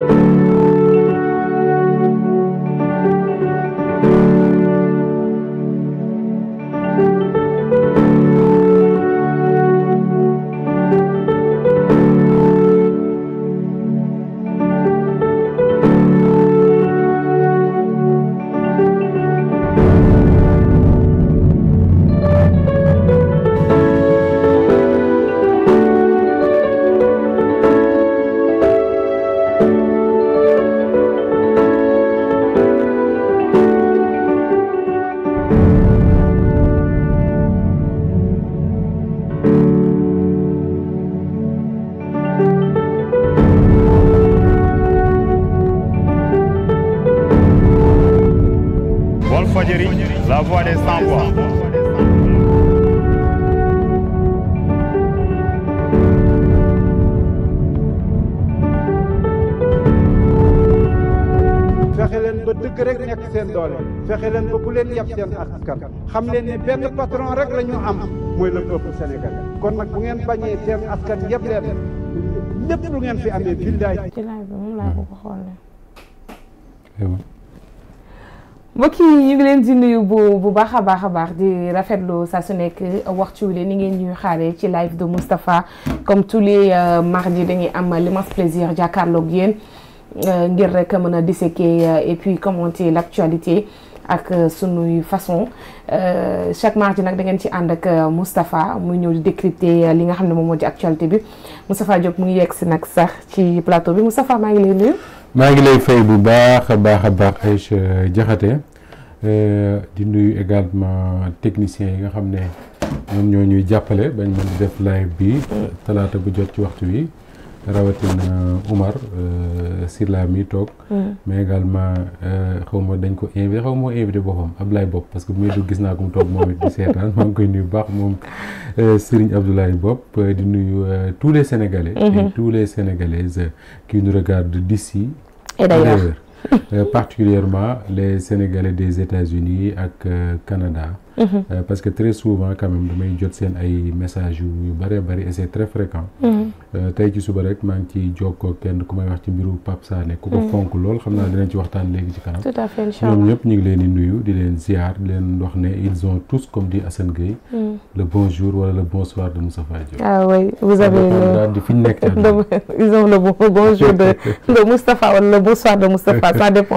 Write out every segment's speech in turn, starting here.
thank you xam leen ne benn patron rek la am mooy le peuple sénégalais kon nag bu ngeen bañee seen askan yëpp leen lépp lu ngeen fi amee billaay ci laaj bi moom laa ko ñu ngi leen di nuyu bu bu baax a baax a baax di rafetlu saa su nekk waxtu leen ni ngeen ñuy xaaree ci live de Moustapha comme tous les euh, mardis dañuy am l'immense plaisir jàkkaarloog yéen euh, ngir rek mën a disséquer euh, et puis commenter l'actualité ak euh, sunuy façon euh, chaque mardi nag da ngeen ci ànd ak euh, Moustapha muy ñëw di décrypter li nga xam ne moom moo ci actualité bi Moustapha Diop mu ngi yegg si nag sax ci plateau bi Moustapha maa ngi lay nuyu. maa ngi lay fay bu baax a baax a baax jaxate di nuyu également techniciens yi nga xam ne ñoom ñoo ñuy jàppale bañ mën di def live bi mm. talaata bu jot ci waxtu wi. rawatina Umar euh, Silla mi toog. Mm. mais également euh, xaw ma dañ ko invité xaw ma invité boppam Ablaye Bopp parce que bu may dugg gis naa ko mu toog moom it di seetaan maa ngi koy nuyu baax moom euh, Serigne Abdoulaye Bopp di nuyu tous les Sénégalais. Mm-hmm. et tous les Sénégalaises qui nous regardent d'ici et d'ailleurs particulièrement les Sénégalais des États-Unis ak Canada. Mhm. Euh, parce que très souvent quand même damay jot seen ay messages yu bëree bëri et c'est très fréquent. Mhm. Euh, tey ci suba rek maa ngi ciy jokkoo kenn ku may wax ci mbiru Pape Sané ku ko mhm. fonk lool xam naa dinañ ci waxtaan léegi ci kanam. tout à fait leen nuyu di leen ziar leen wax ne ils ont tous comme dit Assane Gueye. bonjour wala le bonsoir de Moussa Fadio. ah bonsoir de Moustapha ça dépend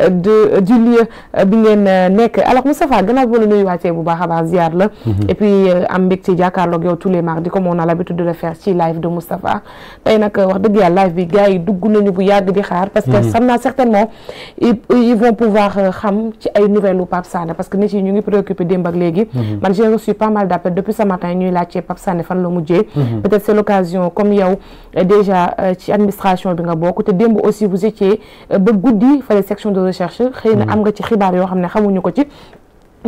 euh, de du bi ngeen nekk alors Moustapha gannaaw bi ma la laajte bu baax baax ziar la mhm. et puis euh, am mbégte jàkkaarloog yow tous les mardis comme on a l'habitude de le faire ci live de Moustapha tey nag euh, wax dëgg yàlla live bi gars yi dugg nañu bu yàgg di xaar parce que mhm. xam naa certainement ils vont pouvoir euh, xam ci ay nouvelles u Pape Sané parce que nit ñu ngi préoccupé démb ak léegi mhm. man j'ai reçu pas mal d'appels depuis ce matin ñuy laajte Pape Sané fan la mujjee peut-être l'occasion comme yow déjà ci administration na am nga ci ne xamuñu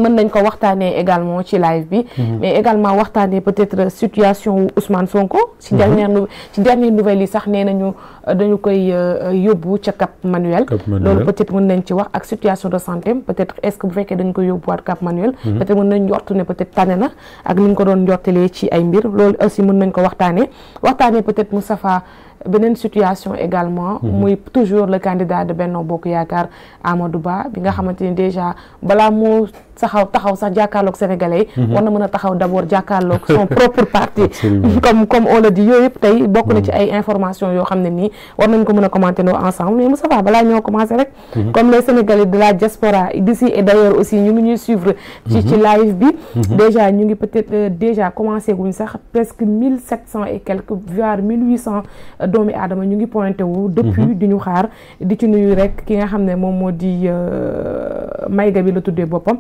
mën nañ ko waxtaanee également ci live bi. Mhm. mais également waxtaanee peut-être situation wu Ousmane Sonko. ci mhm. dernière nouvelle yi sax nee nañu euh, dañu koy euh, yóbbu ca Cap Manuel. loolu peut-être mën nañ ci wax ak situation de santé peut-être est-ce que bu fekkee dañ ko yóbbuwaat Cap Manuel. Mhm. peut-être mën nañ njort ne peut-être tane na ak ni ko doon njortalee ci ay mbir loolu aussi mën nañ ko waxtaanee waxtaanee peut-être Moustapha beneen situation également. Mhm. muy toujours le candidat de Benno Bokk Yaakaar Amadou Ba bi nga xamante ni déjà balaa moo saxaw taxaw sax jàkkaarloog sénégalais mhm. war na mën a taxaw d'abord jàkkaarloog son propre parti. comme comme on le dit yooyu yëpp tey bokk na ci mhm. ay informations yoo xam ne nii war nañ ko mën a commenter noo ensemble mais Moussa Ba balaa ñoo commencé rek. comme les sénégalais de la diaspora d'ici et d'ailleurs aussi ñu ngi ñuy suivre. ci ci live bi. déjà ñu ngi peut-être euh, déjà commencé wuñ sax presque mille sept cent et quelques voire mille huit cent. doomi aadama ñu ngi pointé wu depuis mhm. di ñu xaar di ci nuyu rek ki nga xam ne moom moo di euh, mayga bi la tuddee boppam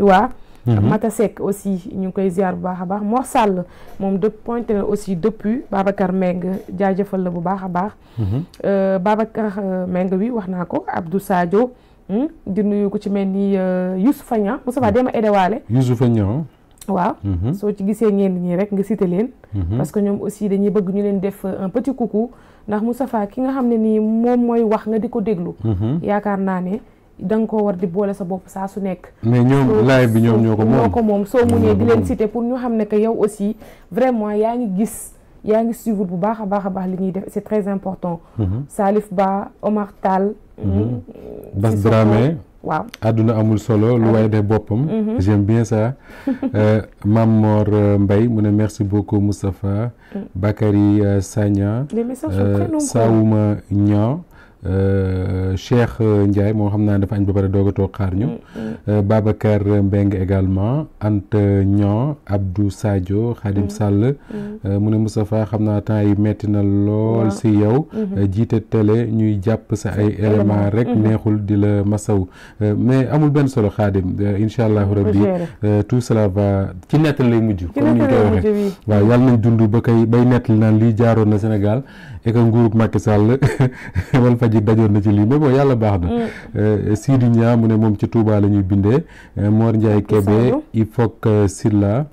waa mhm. Mata Seck aussi ñu ngi koy ziar bu baax a baax Mor Sall moom de pointé aussi depuis Babacar Meng jaajëfal la bu baax a baax mhm. euh, Babacar euh, Meng bi wax naa ko Abdou Sadio hmm? di nuyu ko ci mel ni Youssoufa Niang Moustapha dema edewaale Youssoufa Niang waaw mhm. soo ci gisee ngeen ñi rek nga cité leen mhm. parce que ñoom aussi dañuy bëgg ñu leen def un petit coucou ndax Moustapha ki nga xam ne nii moom mooy wax nga di ko déglu mhm. yaakaar naa ne da nga ko war di boole sa bopp saa su nekk mais ñoom live bi ñoom ñoo ko moom ñoo ko moom soo di leen cité pour ñu xam ne que yow aussi vraiment yaa ngi gis yaa ngi suivre bu baax a baax a baax li ñuy def c'est très important Salif Ba Omar Tall mm. Bass Dramé waaw àdduna amul solo lu waaye def boppam mhm. j'aime bien sa euh, Mam Mor euh, Mbaye mu ne merci beaucoup Moustapha mm. Bakary euh, Sagna Saouma Niang Euh, Cheikh euh, Ndiaye moo xam naa dafa añ ba pare doog a toog xaar ñu. Mm, mm. Euh, Babacar Mbengue également Anta Niang Abdou Sadio. Khadim mm, Sall. mu ne Moustapha xam naa temps yi metti na lool si yow. Mm-hmm. jiite télé ñuy jàpp sa ay éléments rek mm-hmm. neexul di la masaw mais amul benn solo Khadim incha allahu rabbi tout cela ci nettali lay mujj. ci waaw yàlla nañ dund ba kay bay nettali naan lii jaaroon na Sénégal. et que nguurug Macky Sall wal faji dajoon na ci lii mais yàlla baax na mm. euh, Sidi mu ne moom ci Touba lañuy bindee euh, Mor Ndiaye Kébé il faut que Silla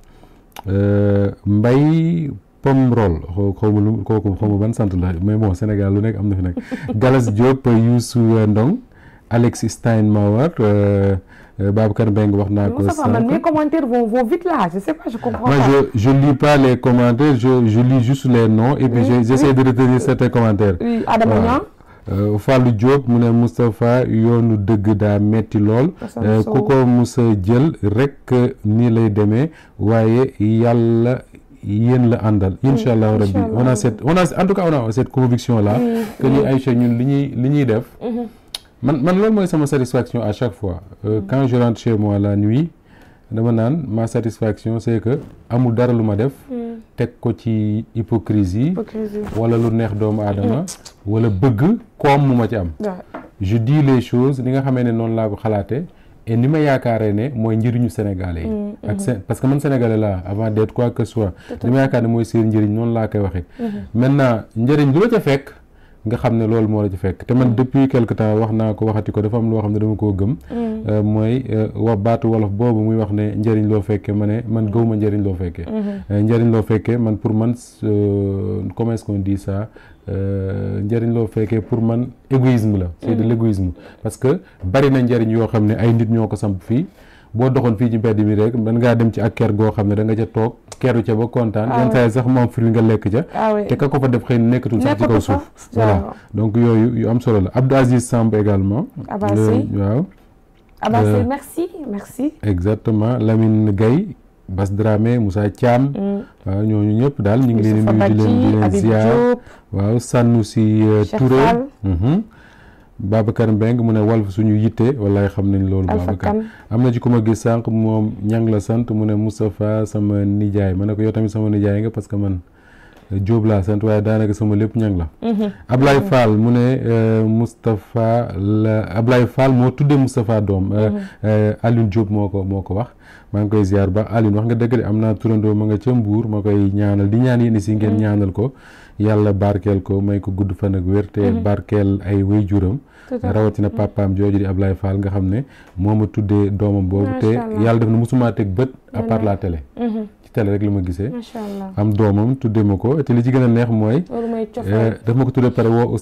euh, Mbay Pomrol xaw ma lu kooku xaw ma ban sant la mais bon lu nekk am na fi nag Galas Diop Youssou Ndong Alexis Steinmauer euh, euh, Babacar Mbengue wax naa ko. ça man mes commentaires vont vont vite là je sais pas je les commentaires je je juste les noms. et puis je j'essaie de retenir certains commentaires. oui Adama euh, mu ne Moustapha yoonu dëgg daa metti lool. ku ko musa jël rek nii lay demee waaye yàlla. yéen la àndal incha allahu rabbi on a cette cette conviction là que ñu Aïcha ñun li ñuy li ñuy def mhm. man man loolu mooy sama satisfaction à chaque fois euh, mm. quand je rentre chez moi la nuit dama naan ma satisfaction c'est que amul dara lu ma def mm. teg ko ci hypocrisie wala lu neex doomu aadama mm. wala bëgg koom mu ma ci am je dis les choses ni nga xamee ne noonu laa ko xalaate et ni ma yaakaaree ne mooy njëriñu sénégalais yi ak parce que man sénégalais la avant d'être quoi que ce soit ni ma yaakaar ne mooy seen njëriñ noonu laa koy waxee mm-hmm. maintenant njëriñ lu la ca fekk nga xam ne loolu moo la ci fekk te man mm. depuis quelque temps wax naa ko waxati ko dafa am loo xam ne dama koo gëm mm. euh, mooy euh, wa baatu wolof boobu muy wax ne njëriñ loo fekkee ma ne man mm. gëwuma njariñ loo fekke mm-hmm. euh, njëriñ loo fekkee man pour man comment est di qu'on dit njëriñ loo fekkee pour man égoïsme la c'est de mm-hmm. l'égoïsme parce que bari na njëriñ yoo xam ne ay nit ñoo ko samp fii boo doxoon fii ci mbedd mi rek mën ngaa dem ci ak ker goo xam ne danga nga ca toog keru ca ba kontaan ah yenn saa sax moom fruit nga lekk ca ah te ka ko fa def xëy na nekkatul sax ci kaw suuf voilà donc yooyu yu am solo la Abdou Aziz Samb également waaw Abassé euh, merci merci exactement Lamine Gueye Bas Dramé Moussa Thiam mm. waaw ñooñu ñëpp daal ñu ngi leen nuyu di leen di leen sànnu si Sanusi Babacar Mbengue mu ne Walf suñu yitte walaay xam nañ loolu Babacar am na ci ku ma gis sànq moom ñang la sant mu ne Moustapha sama nijaay ma ne ko yow tamit sama nijaay nga parce que man euh, Diop laa sant waaye daanaka sama lépp ñang la mhm. Ablaye mhm. faal mu ne euh, Moustapha la Ablaye Fall moo tuddee Moustapha doom euh, mhm. Alioune Diop moo ko moo ko wax maa ngi koy ziar ba Alioune wax nga dëgg de am naa turandoo ma nga ca Mbour ma koy ñaanal di ñaan yéen si ngeen ñaanal ko yàlla barkeel ko may ko gudd fan ak ay wéy juram rawatina mm. papaam jooju di Ablaye Fall nga xam ne moo ma tuddee doomam boobu te yàlla def na mosuma teg bët à part la télé mm-hmm. ci télé rek la ma gisee am doomam tuddee ma ko te li ci gën a neex mooy eh, daf ma ko tuddee pare woo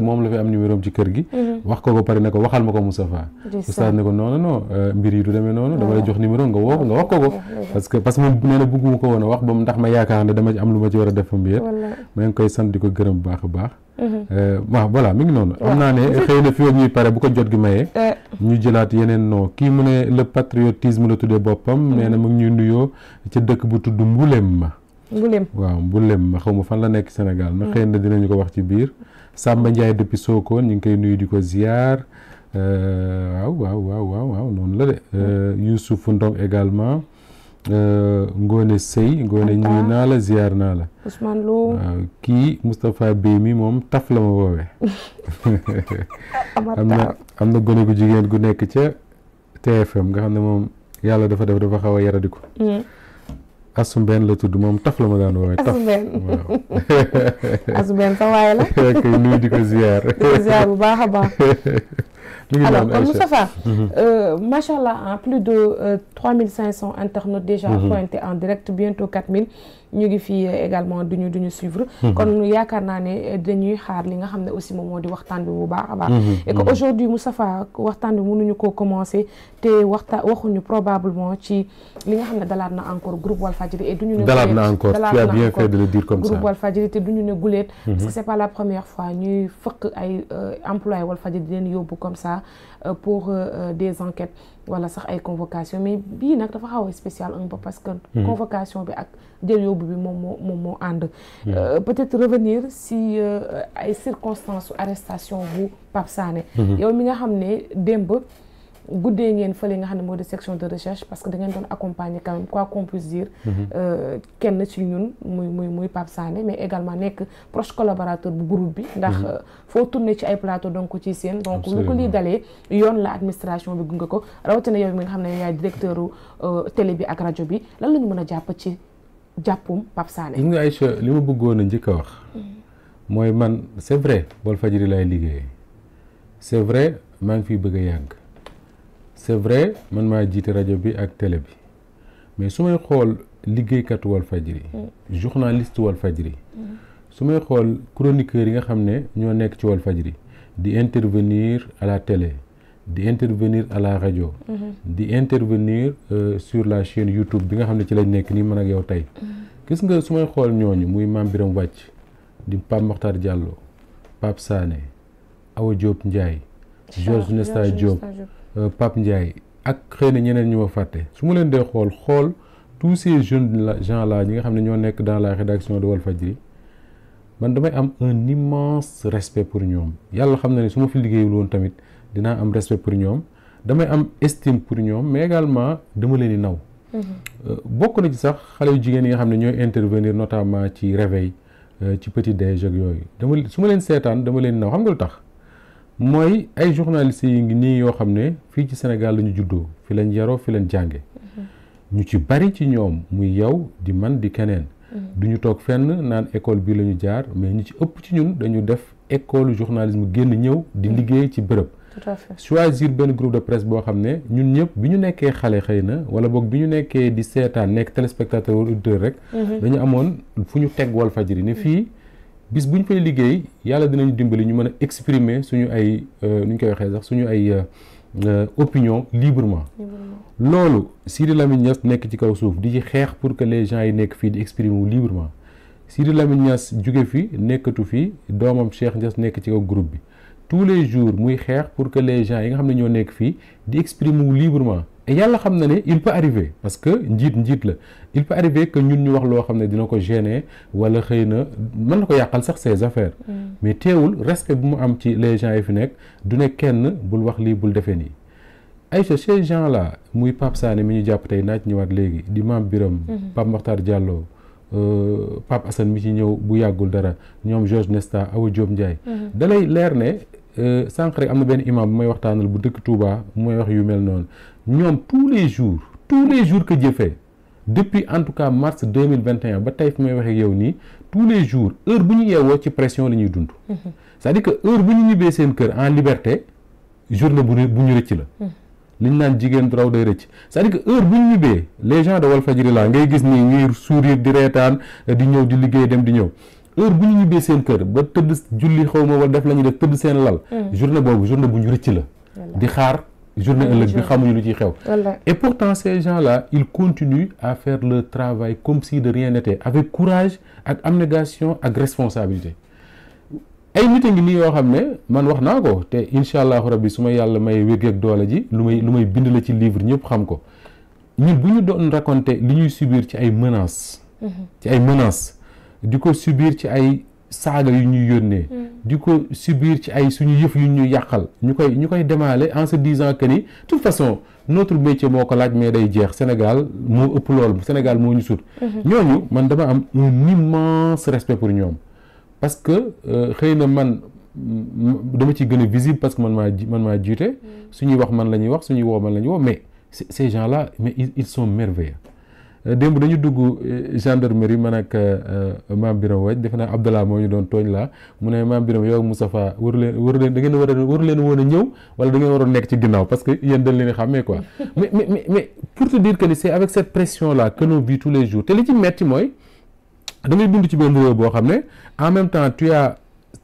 moom la fi am numéro ci kër gi mm-hmm. wax ko ko pare ne ko waxal ma ko Moustapha oustaz ne ko non non eh, mbir yi du demee noonu dama lay ah. jox numéro nga woo nga wax ko ko parce que parce que moom nee na bëgguma ko woon wax ba mu ndax ma yaakaar ne dama am lu ma ci war a def fa mbir maa ngi koy sant di ko gërëm baax a baax Mm-hmm. Euh, waaw voilà mi ngi noonu. am naa ne xëy na fii ñuy pare bu ko jot gi mayee. Eh. ñu jëlaat yeneen non kii mu ne le patriotisme la tuddee boppam. Mm-hmm. nee na mu ñuy nuyoo ca dëkk bu tudd Mbulem ma. Mbulem waaw Mbulem ma xaw ma fan la nekk senegal ma xëy na mm-hmm. dinañu ko wax ci biir. Samba Ndiaye depuis Sokone ñu ngi koy nuyu di ko ziar euh, waaw waaw waaw waaw noonu la de. Euh, Youssouf Ndong également. Euh, Ngone Sey Ngone ñuy naa la ziar naa la. Ousmane Lo waaw kii Moustapha Bey mi moom taf la ma woowee. am na am na gone gu jigéen gu nekk ca TFM nga xam ne moom yàlla dafa def dafa xaw a yaradiku. Hmm. Asumben la tudd moom taf la ma daan woowee. taf waaw Asumben sa la. kay nuyu di ko ziar. bu baax a baax. alors kon Moustapha mhm. euh, macha allah en plus de 3500 euh, internautes déjà mhm. pointés en direct bientôt 4000 ñu ngi fii également duñu duñu suivre mm-hmm. kon yaakaar naa ne dañuy xaar li nga xam ne aussi moom moo di waxtaan bi bu baax a baax mm-hmm. et que mm-hmm. aujourd'hui Moustapha waxtaan bi mënuñu koo commencer te waxta waxuñu probablement ci li nga xam ne dalaat na encore groupe Walfadjri et duñu ne dalaat na encore tu as bien fait de le dire comme ça groupe Walfadjri te duñu ne guleet parce que c'est pas la première fois ñuy fëkk ay euh, employé Walfadjri di leen yóbbu comme ça euh, pour euh, des enquêtes wala sax ay convocation mais bii nag dafa xaw a spécial un parce que hmm. convocation bi ak jël yóbbu bi moom moo moom moo ànd hmm. euh, peut-être revenir si euh, ay circonstances arrestation bu Pape Sané hmm. yow mi nga xam ne démb guddee ngeen fële nga xam ne moo di section de recherche parce que da ngeen doon accompagner quand même quoi qu'on mhm. euh, kenn ci ñun muy muy muy Pape Sané mais également nekk proche collaborateur bu groupe bi ndax mhm. euh, foo tourné ci ay plateau donc ci seen donc lu ko lii dalee yoon la administration bi gunge ko rawatina yow mi nga xam ne yaay directeur euh, télé bi ak rajo bi lan la ñu mën a jàpp ci jàppum Pape Sané gis nga Aïcha li ma buggoon a njëkk a wax mooy man c'est vrai Walfadjri laay liggéeyee c'est vrai maa ngi fiy bëgg a yàgg c'est vrai man maa jiite rajo bi ak télé bi mais su may xool liggéeykatuwal liggéeykatu Walfadjri mm. journaliste Walfadjri mm. su may xool chroniqueur yi nga xam ne ñoo nekk ci faj Walfadjri di intervenir à la télé di intervenir à rajo mm-hmm. di intervenir euh, sur la chaîne YouTube bi nga xam ne ci lañ nekk nii mën ak yow tey mm-hmm. gis nga su may xool ñooñu muy Mame Birame Wàcc di Pape Mokhtar Diallo Pape Sané Awa Diop Ndiaye Georges Nesta Diop Euh, Pape Ndiaye ak xëy na ñeneen ñu ma fàtte su ma leen dee xool xool tous ces jeunes la gens là ñi nga xam ne ñoo nekk dans la rédaction de Walfadjri man damay am un immense respect pour ñoom yàlla xam na ne su ma fi liggéeyul woon tamit dinaa am respect pour ñoom damay am estime pour ñoom mais également dama leen di naw. Mm-hmm. Euh, bokk na ci sax xale yu jigéen yi nga xam ne ñoo intervenir notamment ci réveil euh, ci petit déj ak yooyu dama su ma leen seetaan dama leen naw xam nga lu tax. mooy ay journalistes yi ngi nii yoo xam ne fii ci Sénégal la ñu juddoo fi lañ yaroo fi leen jànge mhm. ñu ci bari ci ñoom muy yow di man di keneen mhm. du ñu toog fenn naan école bii la ñu jaar mais ñu ci ëpp ci ñun dañu def école journalisme génn ñëw di mhm. liggéey ci bërëb tout choisir benn groupe de presse boo xam ne ñun ñëpp bi ñu nekkee xale xëy na wala boog bi ñu nekkee di seetaan nekk téléspectateur auditeur rek dañu amoon fu ñu teg Walfadjri ne fii bis bu ñu fay liggéey yàlla dinañu dimbali ñu mën a exprimer suñu ay euh, nu ñu koy waxee sax suñu ay euh, euh, opinion librement. loolu Sidi Lamine Niass nekk ci kaw suuf di ci xeex pour que les gens yi nekk fii di exprimer wu librement Sidi Lamine Niass jóge fi nekkatu fii doomam Cheikh Niass nekk ci kaw groupe bi tous les jours muy xeex pour que les gens yi nga xam ne ñoo nekk fii di exprimer wu librement. yàlla xam na ne il peut arriver parce que njiit njiit la il peut arriver que ñun ñu wax loo xam ne dina ko gêner wala xëy na mën na ko yàqal sax ses affaires. Mm. mais teewul respect bu mu am ci les gens yi fi nekk du ne kenn bul wax lii bul defee nii. ay Aïcha ces gens la muy Pape Sané mi ñu jàpp tey naaj ñëwaat léegi di Mame biram mm-hmm. Pape Makhtar Diallo. Euh, Pape Assane mi ci ñëw bu yàggul dara ñoom Georges Nesta Awa Diop Ndiaye. Mm-hmm. da leer ne euh, sànq rek am na benn imam bu may waxtaanal bu dëkk Touba bu wax yu mel noonu ñoom tous les jours tous les jours que Dieu fait depuis en tout cas mars deux mille vingt et ba tey fi may waxee ak yow nii tous les jours heure bu ñu yeewoo ci pression la ñuy dund. c'est-à-dire heure bu ñu ñibbee seen kër en liberté journée bu bu ñu rëcc la. li naan jigéen du raw day rëcc c'est-à-dire que heure bu ñu ñibbee les gens de Walfadjri la ngay gis ni ñuy sourire di reetaan di ñëw di liggéey dem di ñëw. heure bu ñu ñibbee seen kër ba tëdd julli xaw ma wala def la ñuy def tëdd seen lal. Hmm. journée boobu journée bu ñu rëcc la. di xaar. journée ëllëg bi xamuñu lu ciy xew et pourtant ces gens là ils continuent à faire leur travail comme si de rien avec courage ak abnégation ak responsabilité ay nit a ngi nii yoo xam ne man wax naa ko te incha allahu rabbi su ma yàlla may wér doole ji lu may lu may bind la ci livre ñëpp xam ko ñun bu ñu doon raconter li ñuy subir ci ay menaces mhm. ci ay menaces di ko subir ci ay saaga yu ñuy yónnee hmm. di ko subir ci ay suñu yëf yu ñu yàqal ñu koy ñu koy démaale en se disant que ni de toute façon notre métier moo ko laaj mais day jeex Sénégal moo ëpp loolu Sénégal moo ñu sut mhm. ñooñu man dama am un immense respect pour ñoom parce que euh, xëy na man mm, dama ci gën a visible parce que man maa man maa jiite hmm. suñuy wax man la ñuy wax suñuy woo man la ñuy woo mais ces gens la mais ils sont merveilleux démb dañu dugg euh, gendarmerie man ak euh, maam Biram Waj defe naa Abdallah moo ñu doon tooñ laa mu ne maam Biram yow ak Moustapha waru leen waru leen da ngeen war a waru leen woon a ñëw wala da ngeen waroon nekk ci ginnaaw parce que yéen dañ leen xàmmee quoi mais mais mais pour te dire que ni c'est avec cette pression là que l'on tous les jours te li ci metti mooy da ngay ci benn réew boo xam ne en même temps tu as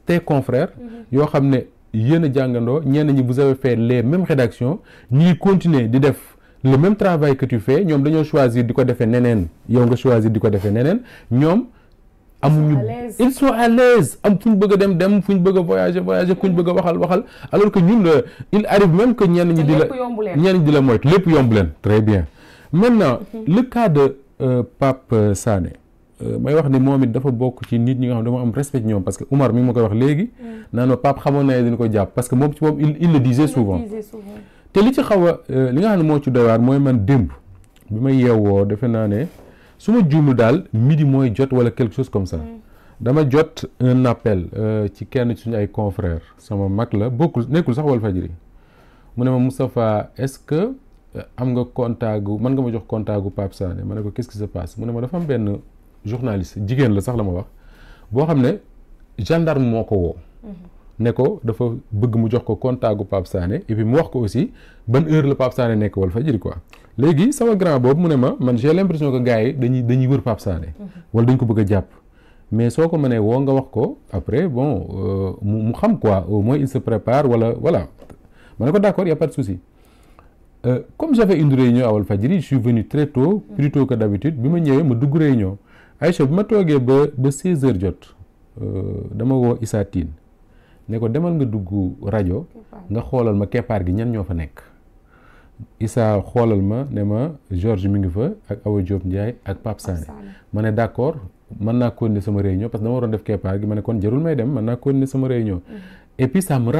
tes confrères mm-hmm. yoo xam ne yéen a jàngandoo ñenn ñi bu avez fait les mêmes rédactions ñuy continuer di def le même travail que tu fais ñoom dañoo choisir di ko defee neneen yow nga choisir di ko defee neneen ñoom amuñu ils sont à l'aise am fu ñu bëgg dem dem fu ñu bëgg a voyager voyager ku ñu bëgg waxal waxal alors que ñun euh, il arrive même que ñenn ñi di la ñenn ñi di la moytu lépp yomb leen très bien maintenant mhm. le cas de euh, Pape euh, Sané may wax ni moom it dafa bokk ci nit ñi nga xam dama am respect ñoom parce que Umar mi ngi ma koy wax léegi mm. naan ma Pape xamoon na dina ko jàpp que moom ci moom il le disait te li ci xaw a euh, li nga xam ne moo ci doy mooy man démb bi may yeewoo defe naa ne su ma juumlu daal midi mooy jot wala quelque chose comme sa mm. dama jot un appel euh, ci kenn ci suñu ay confrères sama mag la bokkul nekkul sax Walfadjri mu ne ma Moustapha est-ce que euh, am nga contact gu mën nga ma jox contact gu Pape Sané ma ne ko qu'est-ce qui se passe mu ne ma dafa am benn journaliste jigéen la sax la ma wax boo xam ne gendarme moo ko woo. Mm-hmm. ne ko dafa bëgg mu jox ko contact gu Pape Sané et mu wax ko aussi ban heure la Pape Sané nekk Walfadjri quoi léegi sama grand boobu mu ne ma man j'ai l'impression ko gars yi dañuy dañuy wër Pape Sané mhm. wala dañ ko bëgg a jàpp mais soo ko mënee woo nga wax ko après bon euh, mu xam quoi au moins il se prépare wala voilà ma ne ko d'accord y a pas de euh, comme j'avais une réunion à Walfadjri je suis venu très tôt mhm. plus tôt que d'habitude bi ma ñëwee ma dugg réunion Aïcha bi ma toogee ba ba 16 heures jot euh, dama woo Issa Tine ne ko demal nga dugg rajo nga xoolal ma keppaar gi ñan ñoo fa nekk Issa xoolal ma ne ma Georges mi ngi fa ak Awa Diop Ndiaye ak pap Sané ma ne d'accord mën naa ne sama réunion parce que dama waroon def keppaar gi ma ne kon jarul may dem mën naa continuer sama réunion mhm. et puis ça me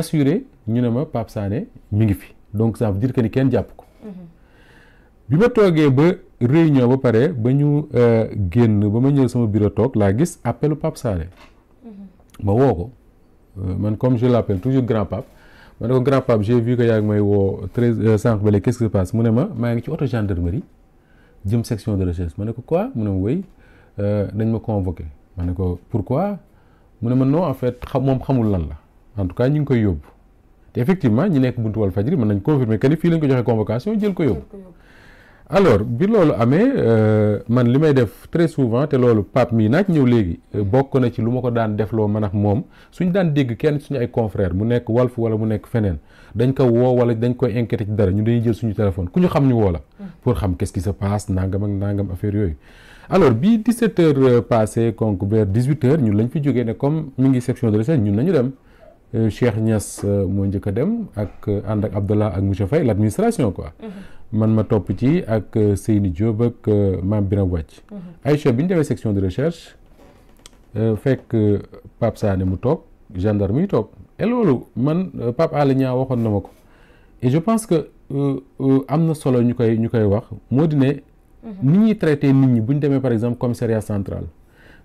ñu ne ma Pape Sané mi ngi fi donc ça veut dire ni kenn jàpp ko mhm. bi ma toogee ba réunion ba pare ba ñu euh, génn ba ma ñëw sama bureau toog laa gis appelu Pape Sané mhm. ma woo ko Euh, man comme je l'appelle toujours grand pape ma ne ko grand pape j'ai vu que yaa ngi may woo treize euh, sànq ba léegi qu'est-ce qui se passe mu ne ma maa ngi ci auto gendarmerie jëm section de recherche ma ne ko quoi mu ne ma wéy dañ euh, ma convoqué ma ne ko pourquoi mu ne ma non en fait moom xamul lan la en tout cas ñu ngi koy yóbbu te effectivement ñi nekk buntu Walfadjri mën nañ confirmer que ni fii lañ ko joxee convocation jël ko yóbbu alors bi loolu amee euh, man li may def très souvent te loolu Pape mii naaj ñëw léegi euh, mm-hmm. bokk na ci lu ma ko daan defloo man ak moom suñ daan dégg kenn suñu ay confrères mu nekk Walf wala mu nekk feneen dañ ko woo wala dañ koy inquiété ci dara ñu dañuy jël suñu téléphone ku ñu xam ñu woo la. Mm-hmm. pour xam qu'est-ce qui se passe nangam ak nangam affaire yooyu. alors bi 17 heures euh, passé konk vers 18 heures ñun lañ fi jógee ne comme mi ngi section de recherche ñun nañu dem. Cheikh Niass moo njëkk a dem ak ànd ak Abdallah ak monsieur Faye l' administration quoi. Mm-hmm. man ma topp ci ak euh, Seyni Diop ak euh, Mame Biram Wàcc mhm. Aïcha bi ñu demee section de recherche euh, fekk Pape Sané mu toog gendarme yi toog et man Pape Alé Niang waxoon na ma ko et je pense que am na solo ñu koy ñu koy wax moo di ne mhm. ni ñuy traité nit ñi buñ demee par exemple commissariat central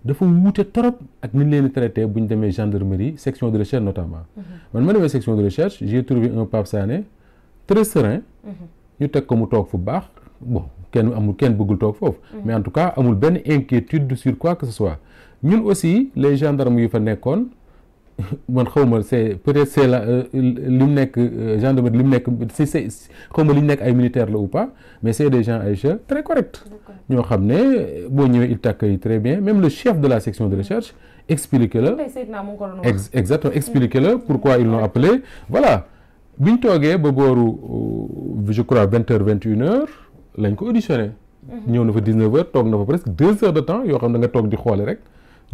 dafa wuute trop ak ni ñu leen di traité bu ñu demee gendarmerie section de recherche notamment mhm. man ma demee section de recherche j'ai trouvé un Pape Sané très serein ñu teg ko mu toog fu baax bon kenn amul kenn bëggul toog foofu. Mm. mais en tout cas amul benn inquiétude sur quoi que ce soit ñun aussi les gendarmes yu fa nekkoon man xawma c'est peut-être c'est la euh, li mu nekk euh, gendarmerie li mu nekk si c'est xawma li ñu nekk ay militaires la ou pa mais c'est des gens Aïcha très ñoo xam ne boo ñëwee il t'accueille très bien même le chef de la section de recherche mm. expliquer la exactement explique la mm. pourquoi ils l'ont appelé voilà bi ñu toogee ba booru euh, je crois vingt heures vingt une heures lañ ko auditionné. Mhm. ñëw na fa dix neuf toog na fa presque deux heures de temps yoo xam da nga toog di xoole rek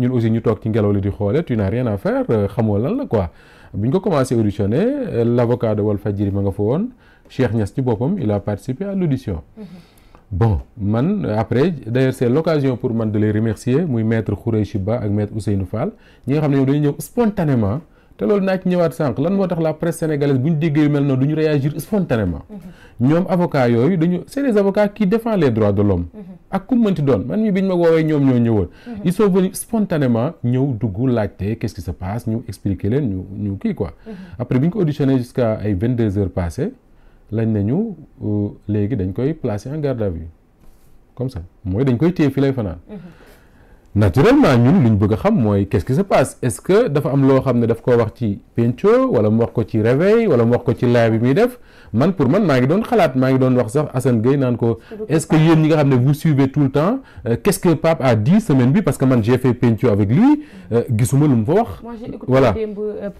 ñun ñu toog ci ngelaw li di xoole tu n'as rien à euh, xamoo lan la quoi bi ñu ko commencé auditionné euh, l' avocat de Walfadjri ma nga fa woon Cheikh Niass ci boppam il a participé à l' audition. Mhm. bon man après d'ailleurs c'est l'occasion pour man de les remercier muy maître Khoureychi Ba ak maître Ousseynou Fall ñi nga xam ne ñoom dañuy ñëw te loolu naa ci ñëwaat sànq lan moo tax la presse sénégalaise bu ñu déggee mel noonu du ñu réagir spontanément mhm. ñoom avocats yooyu dañu c'est des avocats qui défendent les droits de l'homme mhm. ak ku mënti doon man mi biñ ñu ma woowee ñoom ñoo ñëwoon mhm. ils sont venus spontanément ñëw dugg laajte qu'est-ce qui se ñu expliquer leen ñu ñu kii quoi après bi ñu ko auditionné jusqu'à ay vingt deux heures passées lañ nañu euh, léegi dañ koy placer en garde à vue comme ça mooy dañ koy téye fi lay naturellement ñun lu ñu bëgg a xam mooy qu'est-ce qui se passe est-ce que dafa am loo xam ne daf koo wax ci penco wala mu wax ko ci réveil wala mu wax ko ci laay bi muy def man pour man maa ngi doon xalaat maa ngi doon wax sax Assane Gueye naan ko est-ce que yéen ñi nga xam ne vous suivez tout le temps euh, qu'est-ce que Pape a dit semaine bi parce que man j'ai fait penco avec lui euh, gisuma lu mu fa wax voilà euh,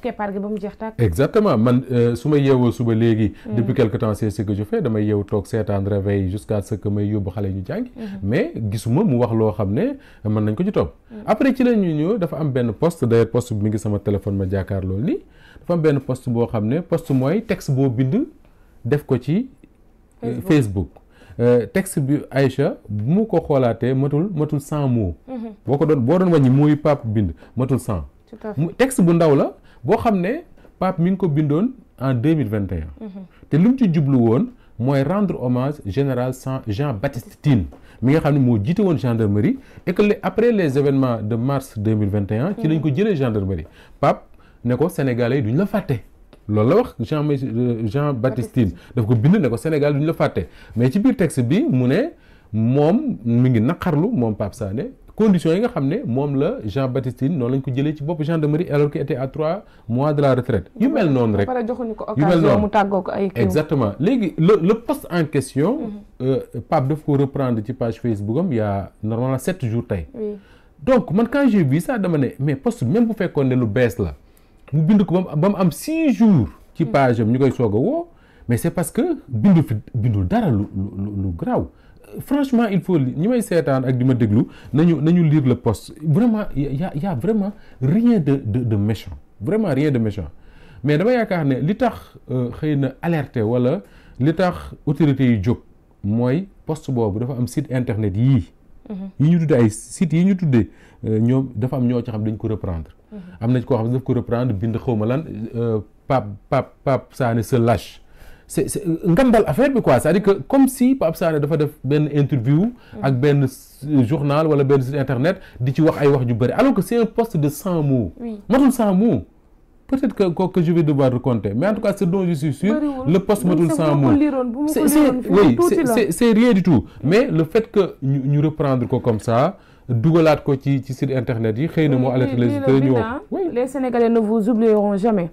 exactement man su ma yeewoo suba léegi mm. depuis quelque temps c'est ce que je fais damay yeewu toog seetaan réveil jusqu'à ce que may mm-hmm. mu wax loo xam ne mën nañ ku ci topp. Mm. après ci la ñu dafa am benn poste d'ailleurs poste bi ngi sama téléphone ma jàkkaarloo ni dafa am benn post boo xam ne poste mooy texte boo bind def ko ci. Euh, Facebook euh, texte bi Aïcha bu mu ko xoolaatee matul matul cent mots. Mm-hmm. boo ko doon boo doon wàññi mooy Pape bind matul cent. texte bu ndaw la boo xam ne Pape mi ngi ko bindoon en deux mille vingt et un. Mm-hmm. te lu mu ci jublu woon mooy rendre hommage général Jean Baptiste Tine. mi nga xam ne moo jiite woon gendarmerie et que après les événements de mars 2021 ci lañ ko jëlee gendarmerie Pape ne ko sénégalais yi duñ la fàtte loolu la wax Jean euh, Jean Baptiste Tine daf ko bind ne ko Sénégal duñ la fàtte mais ci biir texte bi mu ne moom mu ngi naqarlu moom Pape Sané conditions yi nga xam ne moom la Jean Baptiste Tine noonu lañ ko jëlee ci bopp gendarmerie alors qu'il était à trois mois de la retraite yu mel noonu rek joxuñu ko occasion mu tàggoo ko ay exactement léegi le le poste en question mhm. euh, Pape daf ko reprendre ci page Facebook am y'a normalement sept jours tey donc man quand bi vu ça dama ne mais poste même bu fekkoon ne lu bees la mu bind ko ba mu am six jour ci mhm. page am ñu koy soog a woo mais c'est parce que bindu fi bindul dara lu lu lu graw franchement il faut ñi may seetaan ak di ma déglu nañu nañu lire le poste vraiment y' a a vraiment rien de de de méchant vraiment rien de méchant mais dama yaakaar ne li tax euh, xëy na alerte walla li tax autorités yu jóg mooy post boobu dafa am site internet yii. Mhm. yi ñu tuddee ay sites yi ñu tuddee euh, ñoom dafa am ñoo ci xam dañ ko reprendre. Mhm. am nañ koo xam ne daf ko reprendre bind xaw ma lan euh, Pape Pape Pape Sané sa lâche. c'est c'est ngandal affaire bi quoi c'est-à-dire que comme si Pape Sané dafa def benn interview ak benn journal wala benn site internet di ci wax ay wax ju bëri alors que c'est un poste de cent mots matul cent mots peut-être que que je de devoir raconter mais en tout cas ce dont je suis le poste matul cent mots c'est rien du tout mais le fait que ñu reprendre ko comme ça dugalaat ko ci ci site internet yi xëy na moo alerte les ñëwoon ah. ne vous oublieront jamais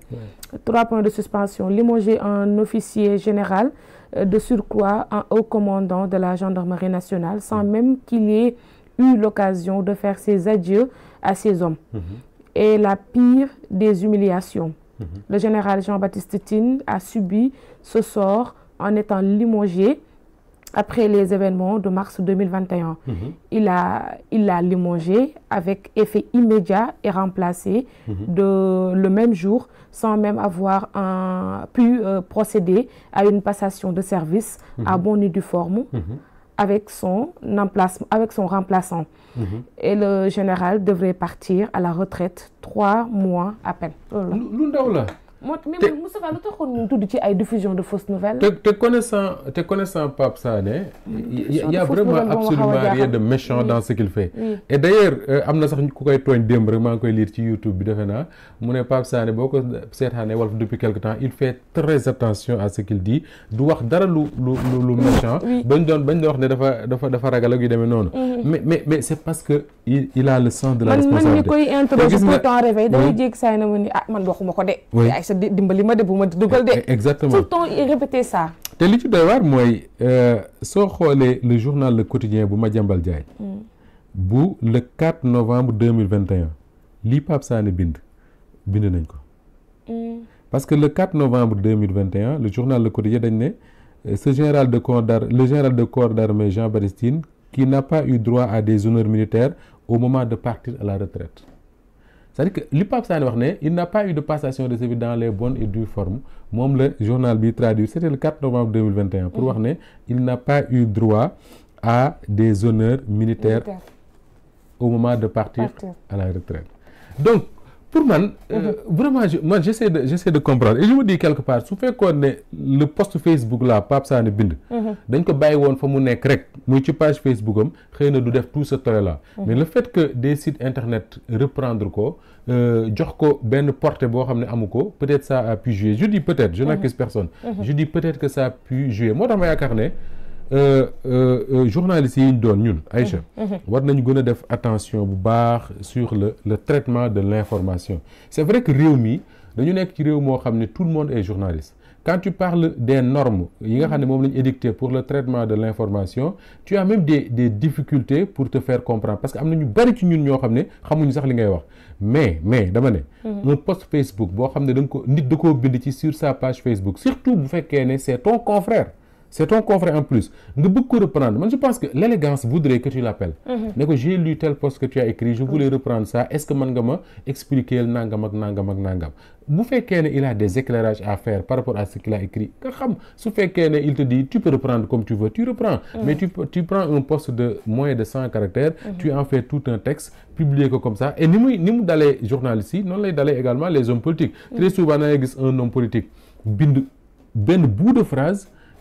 trois points de suspension limogé un officier général euh, de surcroît un haut commandant de la gendarmerie nationale sans mm. même qu'il ait eu l'occasion de faire ses adieux à ses hommes mm-hmm. et la pire des humiliations mm-hmm. le général Jean-Baptiste Tine a subi ce sort en étant limogé après les événements de mars 2021. Mmh. Il a, il l'a limogé avec effet immédiat et remplacé mmh. de, le même jour sans même avoir un, pu euh, procéder à une passation de service mmh. à mm-hmm. bon et due forme mm-hmm. avec son emplacement, avec son remplaçant. Mm-hmm. Et le général devrait partir à la retraite trois mois à peine. Loolu la moo mais Moustapha lu taxoon ñu tudd ci ay te connaissant te connaissant Pape Sané. Mm. absolument rien méchant dans ce qu'il fait. et d'ailleurs euh, am na sax ku koy tooñ démb rek maa ngi koy lire ci YouTube bi defe naa mu ne Pape Sané boo ko seetaanee Walf depuis quelque temps il fait très attention à ce qu'il dit du wax dara lu lu ba lu méchant. bañ doon bañ doon wax ne dafa dafa dafa ragal ak demee noonu. Mm-hmm. mais mais mais c'est parce que il a le sens de la responsabilité. man man ñi koy introduire pourtant ah man waxuma ko Idrissa dimbali ma de bu ma dugal de. E, exactement tout le temps te li ci doy waar mooy euh, soo xoolee le journal le quotidien bu ma Madiambal Diagne. Mm. bu le 4 novembre 2021 lii Pape Sané bind bind nañ ko. Mm. parce que le 4 novembre 2021 le journal le quotidien dañ ne euh, ce général de corps d'armée le général de corps d'armée Jean Baptistine qui n'a pas eu droit à des honneurs militaires au moment de partir à la retraite. c'est-à-dire li Pape wax ne il n'a pas eu de passation de service dans les bonnes et dues formes moom la journal bi traduit c'était le 4 novembre 2021 pour wax ne il n'a pas eu droit à des honneurs militaires au moment de partir à la retraite donc pour man euh, mhm. vraiment je man j'essaie de j'essaie de comprendre et je me dis quelque part su fekkoon ne le post Facebook la Pape Sané bind mhm. dañ ko bàyyi woon fa mu nekk rek mu ci page Facebook am xëy na du def tout ce trait là mhm. mais le fait que des sites internet reprendre ko euh, jox ko benn portée boo xam ne amu ko peut-être ça a pu jouer je dis peut-être je n'accuse personne je dis peut-être que ça a pu jouer moo tax ma yaakaar ne Euh, euh, euh, journalistes yi ñu doon ñun ay Aïcha war nañu gën a def attention bu baax sur le le traitement de l'information c'est vrai que réew mi dañu nekk ci réew moo xam ne tout le monde est journaliste quand tu parles des normes yi nga xam ne moom lañu édicté pour le traitement de l'information tu as même des des difficultés pour te faire comprendre parce que am na ñu bari ci ñun ñoo xam ne xamuñu sax li ngay wax mais mais dama ne un post Facebook boo xam ne dañ ko nit da koo bind ci sur sa page Facebook bu fekkee ne c'est ton c'est ton confrère en plus nga bëgg ko reprendre man je pense que l'élégance voudrait que tu l'appelles mhm. ne ko j'ai lu tel poste que tu as écrit je voulais mhm. reprendre ça est-ce que mën nga ma expliquer nangam ak nangam ak nangam bu fekkee ne il a des éclairages à faire par rapport à ce qu'il a écrit nga xam su fekkee ne il te dit tu peux reprendre comme tu veux tu reprends mhm. mais tu tu prends un poste de moins de cent caractères tu en fais tout un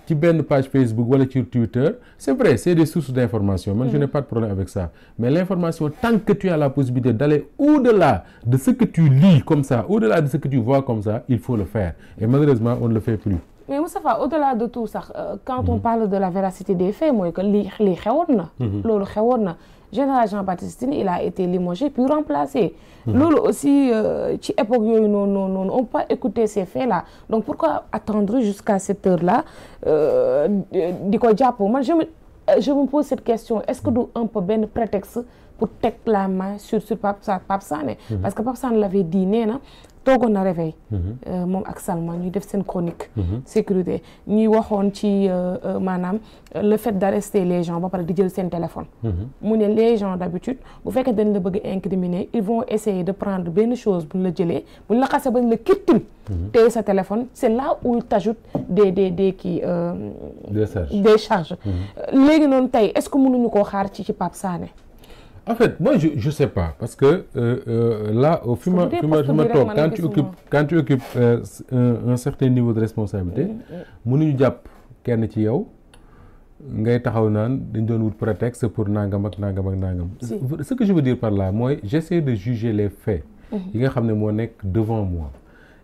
ci benn page Facebook wala ci Twitter c'est vrai c'est des sources d'information man je hmm. n'ai pas de problème avec ça mais l'information tant que tu as la possibilité d'aller au-delà de ce que tu lis comme ça au-delà de ce que tu vois comme ça il faut le faire et malheureusement on ne le fait plus mais Moustapha au-delà de tout sax euh, quand on hmm. parle de la véracité des faits mooy que lii lii xewoon hmm. loolu xewoon na général Jean-Baptiste Tine il a été limogé puis remplacé mmh. loolu aussi euh, ci époque yooyu noonu noonu noonu on peut écouter ces faits là donc pourquoi attendre jusqu'à cette heure là euh, di ko jàpp man je me euh, je me pose cette question est-ce que du un peu benn prétexte pour teg la main sur sur Pape Sané mhm. parce que Pape Sané l'avait dit nee na toogoon na réveil mhm. euh, moom ak Salma ñuy def seen chronique mhm. sécurité ñuy waxoon ci euh, euh, maanaam le fait d'arrêter les gens ba pare di jël seen téléphone mhm. mu ne les gens d'habitude bu fekkee dañ la bëgg incriminer ils von essayer de prendre benn chose ñu la jëlee buñ la xasee bañ la kittil téye sa téléphone c'est là où ils t'ajoutent des des des kii des charges léegi noonu tey est-ce que mënuñu koo xaar ci ci Pape Sané en fait moi je je sais pas parce que euh, euh, là au fi ma fi ma fi ma toog quand tu occupes quand tu occupes euh, un, certain niveau de responsabilité mm, mm, mm. mënuñu jàpp kenn ci yow ngay taxaw naan dañ doon wut prétexte pour nangam ak nangam ak nangam ce que je dire par là mooy j'essaie de juger les faits mm-hmm. yi nga xam ne moo nekk devant moi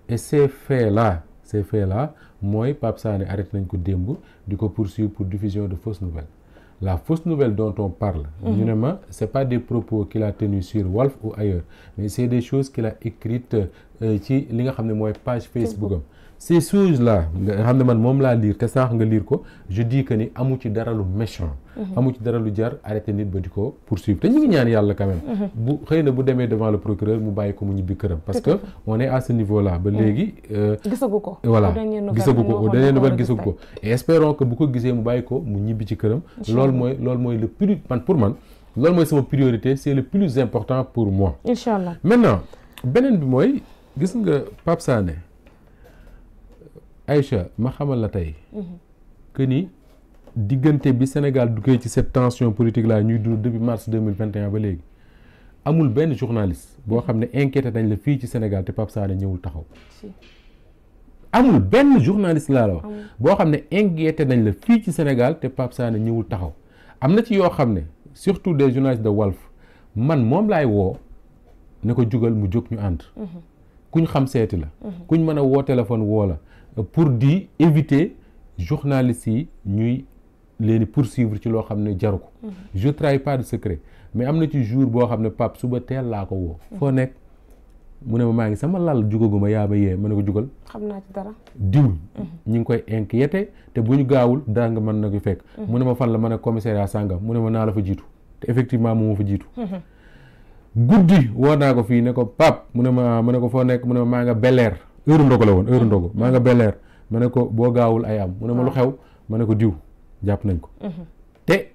et ces faits là ces faits là mooy Pape Sané arrêté nañ ko démb di ko poursuivre pour diffusion de fausses nouvelles la fausse nouvelle dont on parle mhm. ñu ne ma c'est pas des propos qu'il a tenus sur Walf ou ailleurs mais c'est des choses qu'il a écrites euh, ci li nga xam ne mooy page Facebook am ces choses là nga xam ne man moom laa liir te sànq nga liir ko je dis que ni amu ci dara lu méchant. Mhm. amu ci dara lu jar arrêté nit ba di ko poursuivre te ñu ngi ñaan yàlla quand même. Mhm. bu xëy na bu demee devant le procureur mu bàyyi ko mu ñibbi këram. parce que on est à ce niveau là ba mhm. léegi. Euh, gisagu ko voilà gisagu ko au dernier nouvelle gisagu ko et ko que bu ko gisee mu bàyyi ko mu ñibbi ci këram. lool mooy loolu mooy le plus man pour man loolu mooy sama priorité c'est le plus important pour moi. incha allah maintenant beneen bi mooy gis nga Pape Sané. Aïcha ma xamal la tey mhm. que ni diggante bi Sénégal duggee ci cette tension politique là ñuy du depuis mars deux mille vingt et ba léegi amul benn journaliste boo xam ne inquiété nañ la fii ci Sénégal te Pape Sané ñëwul taxaw benn journaliste la boo xam ne inquiété nañ la fii ci Sénégal te Pape Sané ñëwul taxaw am na ci yoo xam ne surtout des journalistes de Walf man moom laay woo ne ko jugal mu jóg ñu ànd mhm. kuñ xam seeti la mhm. kuñ mën a woo téléphone woo la pour di éviter journalistes yi ñuy leen di poursuivre ci loo xam ne jaru ko. Mhm. je trahis pas mais am na ci jour boo xam ne Pape suba teel laa ko woo. Mhm. foo nekk mu ne ma maa ngi sama lal jugaguma yaa ma yee ma ne ko jugal. xam naa ci dara diw. Mhm. ñu ngi koy inquiété te bu ñu gaawul dara nga mën na ko fekk. mu ne ma fan la ma ne commissariat sàngam mu ne ma naa la fa jiitu te effectivement mu ma fa jiitu. guddi woo naa ko fii ne ko Pape mu ne ma mu ne ko foo nekk mu ne maa nga Bel heure ndogu la woon heure mm. ndogu maa nga belleer ma ne ko boo gaawul ay am mu ne ma lu ah. xew ma ne ko diw jàpp nañ ko mm-hmm. te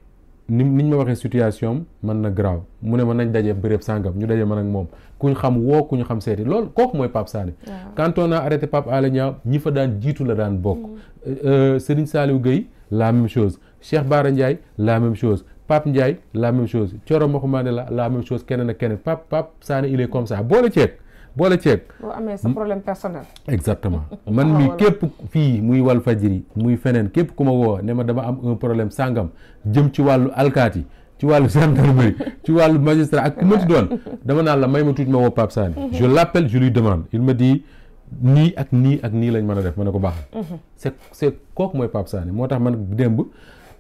ni niñ ma waxee situation am man na grave mu ne ma nañ daje béréb sàngam ñu daje man ak moom kuñ xam woo ñu xam seeti lool kooku mooy Pape Sané quand on a arrêté Pape Alé ñi fa daan jiitu la daan bokk mm. euh, euh, Serigne Saliou Gueye la même chose Cheikh Bara Ndiaye la même chose Pape Ndiaye la même chose Thioro Mokhoumane la la même chose keneen ak keneen Pape Pape Sané il est boole ceeb. boo amee sa problème personnel. exactement man ah, mi képp fii muy wal fajiri muy feneen képp ku ma woo ne ma dama am un problème sàngam jëm ci wàllu alkaati ci wàllu gendarmerie ci wàllu magistrat ak ku ma ci doon dama naan la may ma tuuti ma woo Pape Sané. je l' appelle je lui demande il me dit nii ak nii ak nii lañ mën a def ma ne ko baax c' est c' est mooy Pape moo tax man démb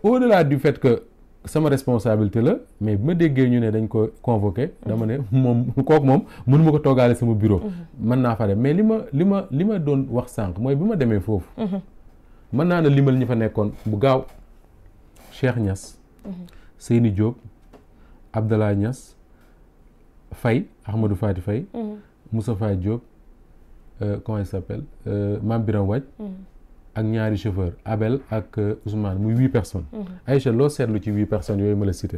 au delà du fait que. sama responsabilité la mais bi ma déggee ñu ne dañ ko convoqué dama ne moom kooku moom mënu ma ko toogaale sama bureau mhm. mën naa fa dem mais li ma li ma li ma doon wax sànq mooy bi ma demee foofu mhm. mën naa na limal ñu fa nekkoon bu gaaw Cheikh Niass mhm. Seyni Diop Abdallah Niass fay Ahmadou Fati Faye Moustapha Diop euh, comment il s'appelle euh, Mame ak ñaari chauffeur Abel ak euh, Ousmane muy huit personnes. Mhm. Aïcha loo seetlu ci huit personnes yooyu ma la cité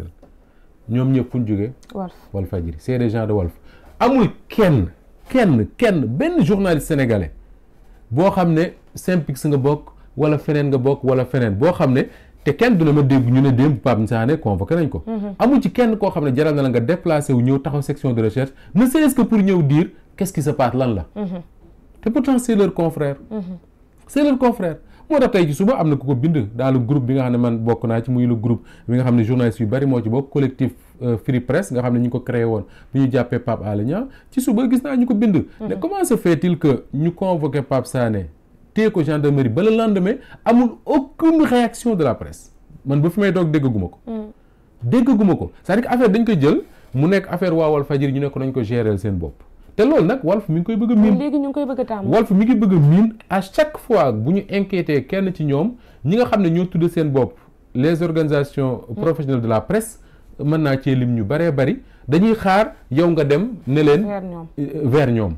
ñoom ñëpp fu ñu jógee. Walf Walfadjri c'est des de Walf amul kenn kenn kenn benn journaliste sénégalais boo xam ne Synpics nga bokk wala feneen nga bokk wala feneen boo xam ne te kenn du la ma dégg ñu ne démb Pape Sané convoqué nañ ko. Mhm. amul ci kenn koo xam ne jaral na la nga déplacé wu ñëw taxaw section de recherche ne serait que pour ñëw dire qu'est-ce qui se la. Mhm. c'est leur confrère moo tax tey ci suba am na ku ko bind dans le groupe bi nga xam ne man bokk naa ci muy le groupe bi nga xam ne journaliste yu bari moo ci bokk collectif euh, Free Press nga xam ne ñu ko créé woon bi ñu jàppee Pape Alé Niang ci suba gis naa ñu ko bind mhm. mais comment se fait-il que ñu convoqué Pape Sané tée ko gendarmerie ba le lendemain amul aucune réaction de la presse man ba fi may doog déggaguma ko mm. déggaguma ko c'est-à-dire que affaire dañ ko jël mu nekk affaire waawal fajir ñu nekk nañ ko gérer seen bopp te loolu nag Walf mi ngi koy bëgg a miin léegi ñu ngi koy bëgg a taamu Walf ngi bëgg a miin à chaque fois bu ñu inquiété kenn ci ñoom ñi nga xam ne ñoo tudde seen bopp les organisations mm. professionnelles de la presse mën naa cee lim ñu bëree bëri dañuy xaar yow nga dem ne leen vers ñoom euh,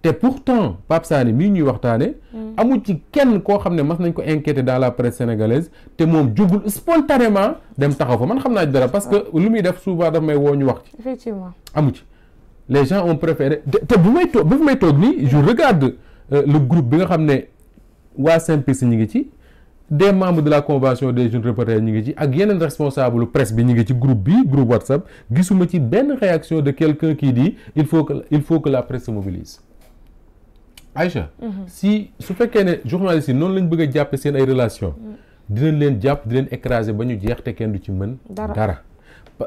te pourtant Pape Sané mii ñuy waxtaane mm. amu ci kenn koo xam ne mas nañ ko inquiété dans la presse sénégalaise te moom jógul spontanément dem taxaw fa man xam naa dara parce que lu muy def souvent daf may woo ñu wax ci effectivement amu ci les gens ont préféré te bu may toog bu may toog nii je regarde euh, le groupe bi nga xam ne waa SYNPICS ñi ngi ci des membres de la convention des jeunes reporters ñi ngi ci ak yeneen responsable presse bi ñi ngi ci groupe bi groupe WhatsApp gisuma ci benn réaction de quelqu'un qui dit il faut que il faut que la presse se mobilise Aïcha mhm. si su fekkee ne journalistes yi noonu lañ bëgg a jàppe seen ay relation mhm. dinañ leen jàpp di leen écraser ba ñu jeex te kenn du ci mën dara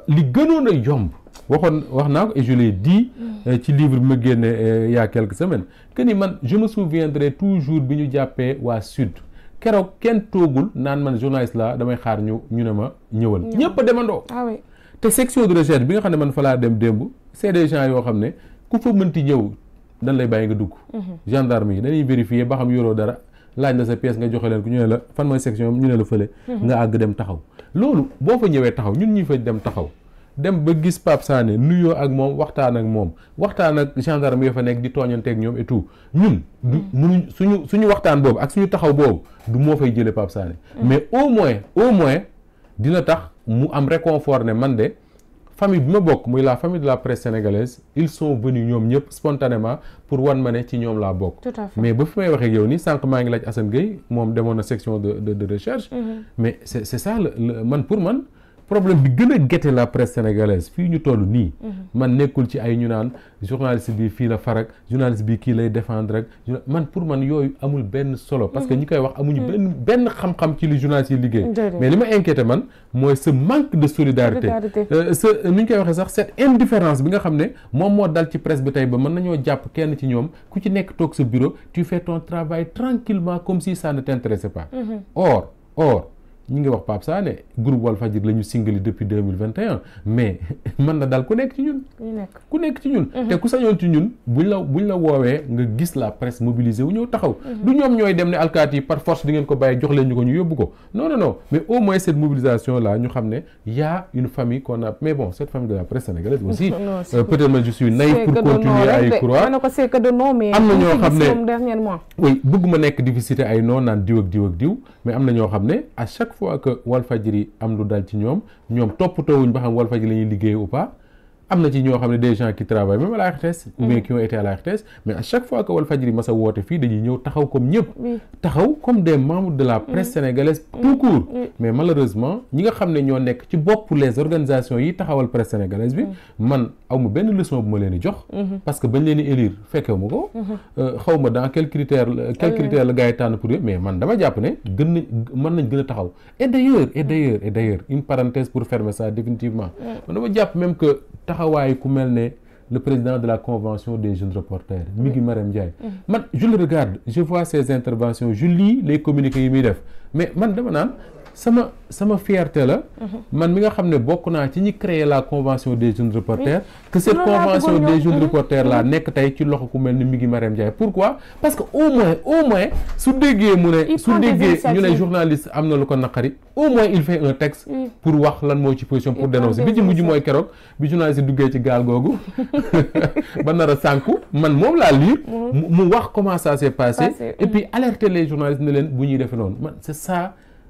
li gënoon a yomb waxoon wax naa ko et je l'ai dit mm. euh, ci livre bi ma génne euh, il y a quelques que ni man je me souviendrai toujours bi ñu jàppee waa sud keroog kenn toogul naan man journaliste la damay xaar ñu ñu ne ma ñëwal ñëpp a demandoo ah te section de recherche bi nga xam ne man fa laa dem démb c'est des gens yoo xam ne ku fa mënti ñëw dañ lay bàyyi nga dugg mm-hmm. gendarme yi dañuy vérifier ba xam yoroo dara laaj la sa pièce nga joxe leen ku ñu ne la fan mooy section ñu ne la fële mhm. nga àgg dem taxaw loolu boo fa ñëwee taxaw ñun ñuy fa dem taxaw dem ba gis Pape Sané nuyoo ak moom waxtaan ak moom waxtaan ak gendarme yoo fa nekk di tooñanteeg ñoom et tout ñun mhm. suñu suñu waxtaan boobu ak suñu taxaw boobu du moo fay jëlee Pape Sané mhm. mais au moins au moins dina tax mu am réconfort ne man de famille bi ma bokk muy la famille de la presse sénégalaise ils sont venus ñoom ñëpp spontanément pour wan ma ne ci ñoom laa bokk. tout à fait mais ba fi may waxee yow nii sànq maa ngi laaj Assane Gueye moom demoon na section de de de recherche. Mm-hmm. mais c'est c'est ça la man pour man. problème bi gën a guetté la presse sénégalaise fii ñu toll nii. Mhm. man nekkul ci ay ñu naan journaliste bi fii la farak journaliste bi kii lay défendre rek man pour man yooyu amul benn solo. parce que mhm. ñi koy wax amuñu mhm. benn xam-xam ci li journaliste yi liggéey. mais li ma inquiété man mooy ce manque de solidarité. Euh, ce ni ñu koy waxee sax cette indifférence bi nga xam ne moom moo dal ci presse bi tey ba mën nañoo jàpp kenn ci ñoom ku ci nekk toog sa bureau tu fais ton travail comme si ça ne t'intéressait pas. or ñu ngi wax Pape Sané groupe Walfadjri la ñu singali depuis deux mille vingt et un mais mën na daal ku nekk ci ñun. ku nekk ci ñun. Mhm. te ku sañoon ci ñun buñ la buñ la woowee nga gis la presse mobilisée wu ñëw taxaw. Mhm. du ñoom ñooy dem ne alkaati yi par force di ngeen ko bàyyi jox leen ñu ko ñu yóbbu ko non non non mais au moins cette mobilisation là ñu xam ne y une famille qu'on mais bon cette famille de la presse sénégalaise aussi. Euh, peut-être man je pour continuer na ñoo xam ne oui bëgguma nekk difficité ay non naan diw ak diw am na ñoo xam ne à chaque ak que Walfadjri am lu dal ci ñoom ñoom toppatoo wuñ ba xam Walfadjri la ñuy liggéey ou pas am na ci ñoo xam ne des gens qui travaillent mm. mais à chaque fois que Walfadjri masa woote fii dañuy ñëw taxaw comme ñëpp taxaw comme des membres de la mm. presse sénégalaise mm. tout court mais malheureusement ñi nga xam ne ñoo nekk ci bopp les organisations yi taxawal presse sénégalaise bi man aw ma benn leçon bu ma leen jox mm-hmm. parce que bañ leen élire fekke ma ko mm-hmm. euh, xaw ma dans quel critère quel critère la gars tànn pour yooyu mais man dama jàpp ne gën na mën nañ gën a taxaw taxawaay ku mel ne le président de la convention des jeunes reporters Migui Marème Ndiaye mm. man je le regarde je vois ses interventions je lis les communiqués yi muy def mais man dama naan sama sama fierté la. Mhm. man mi nga xam ne bokk naa ci ñi créer la convention des jeunes reporters. que cette convention des jeunes mhm. reporters la mhm. nekk tey ci loxo ku mel ni mi ngi Marème Ndiaye pourquoi parce que au moins au moins su déggee mu ne. su déggee ñu ne journaliste am na lu ko naqari. au moins il fait un texte. pour wax lan moo ci position pour dénoncer bi ci mujj mooy keroog bi journaliste duggee ci gaal googu ba nar a man moom laa lire. mu wax comment ça s' est les journalistes leen bu ñuy defee noonu man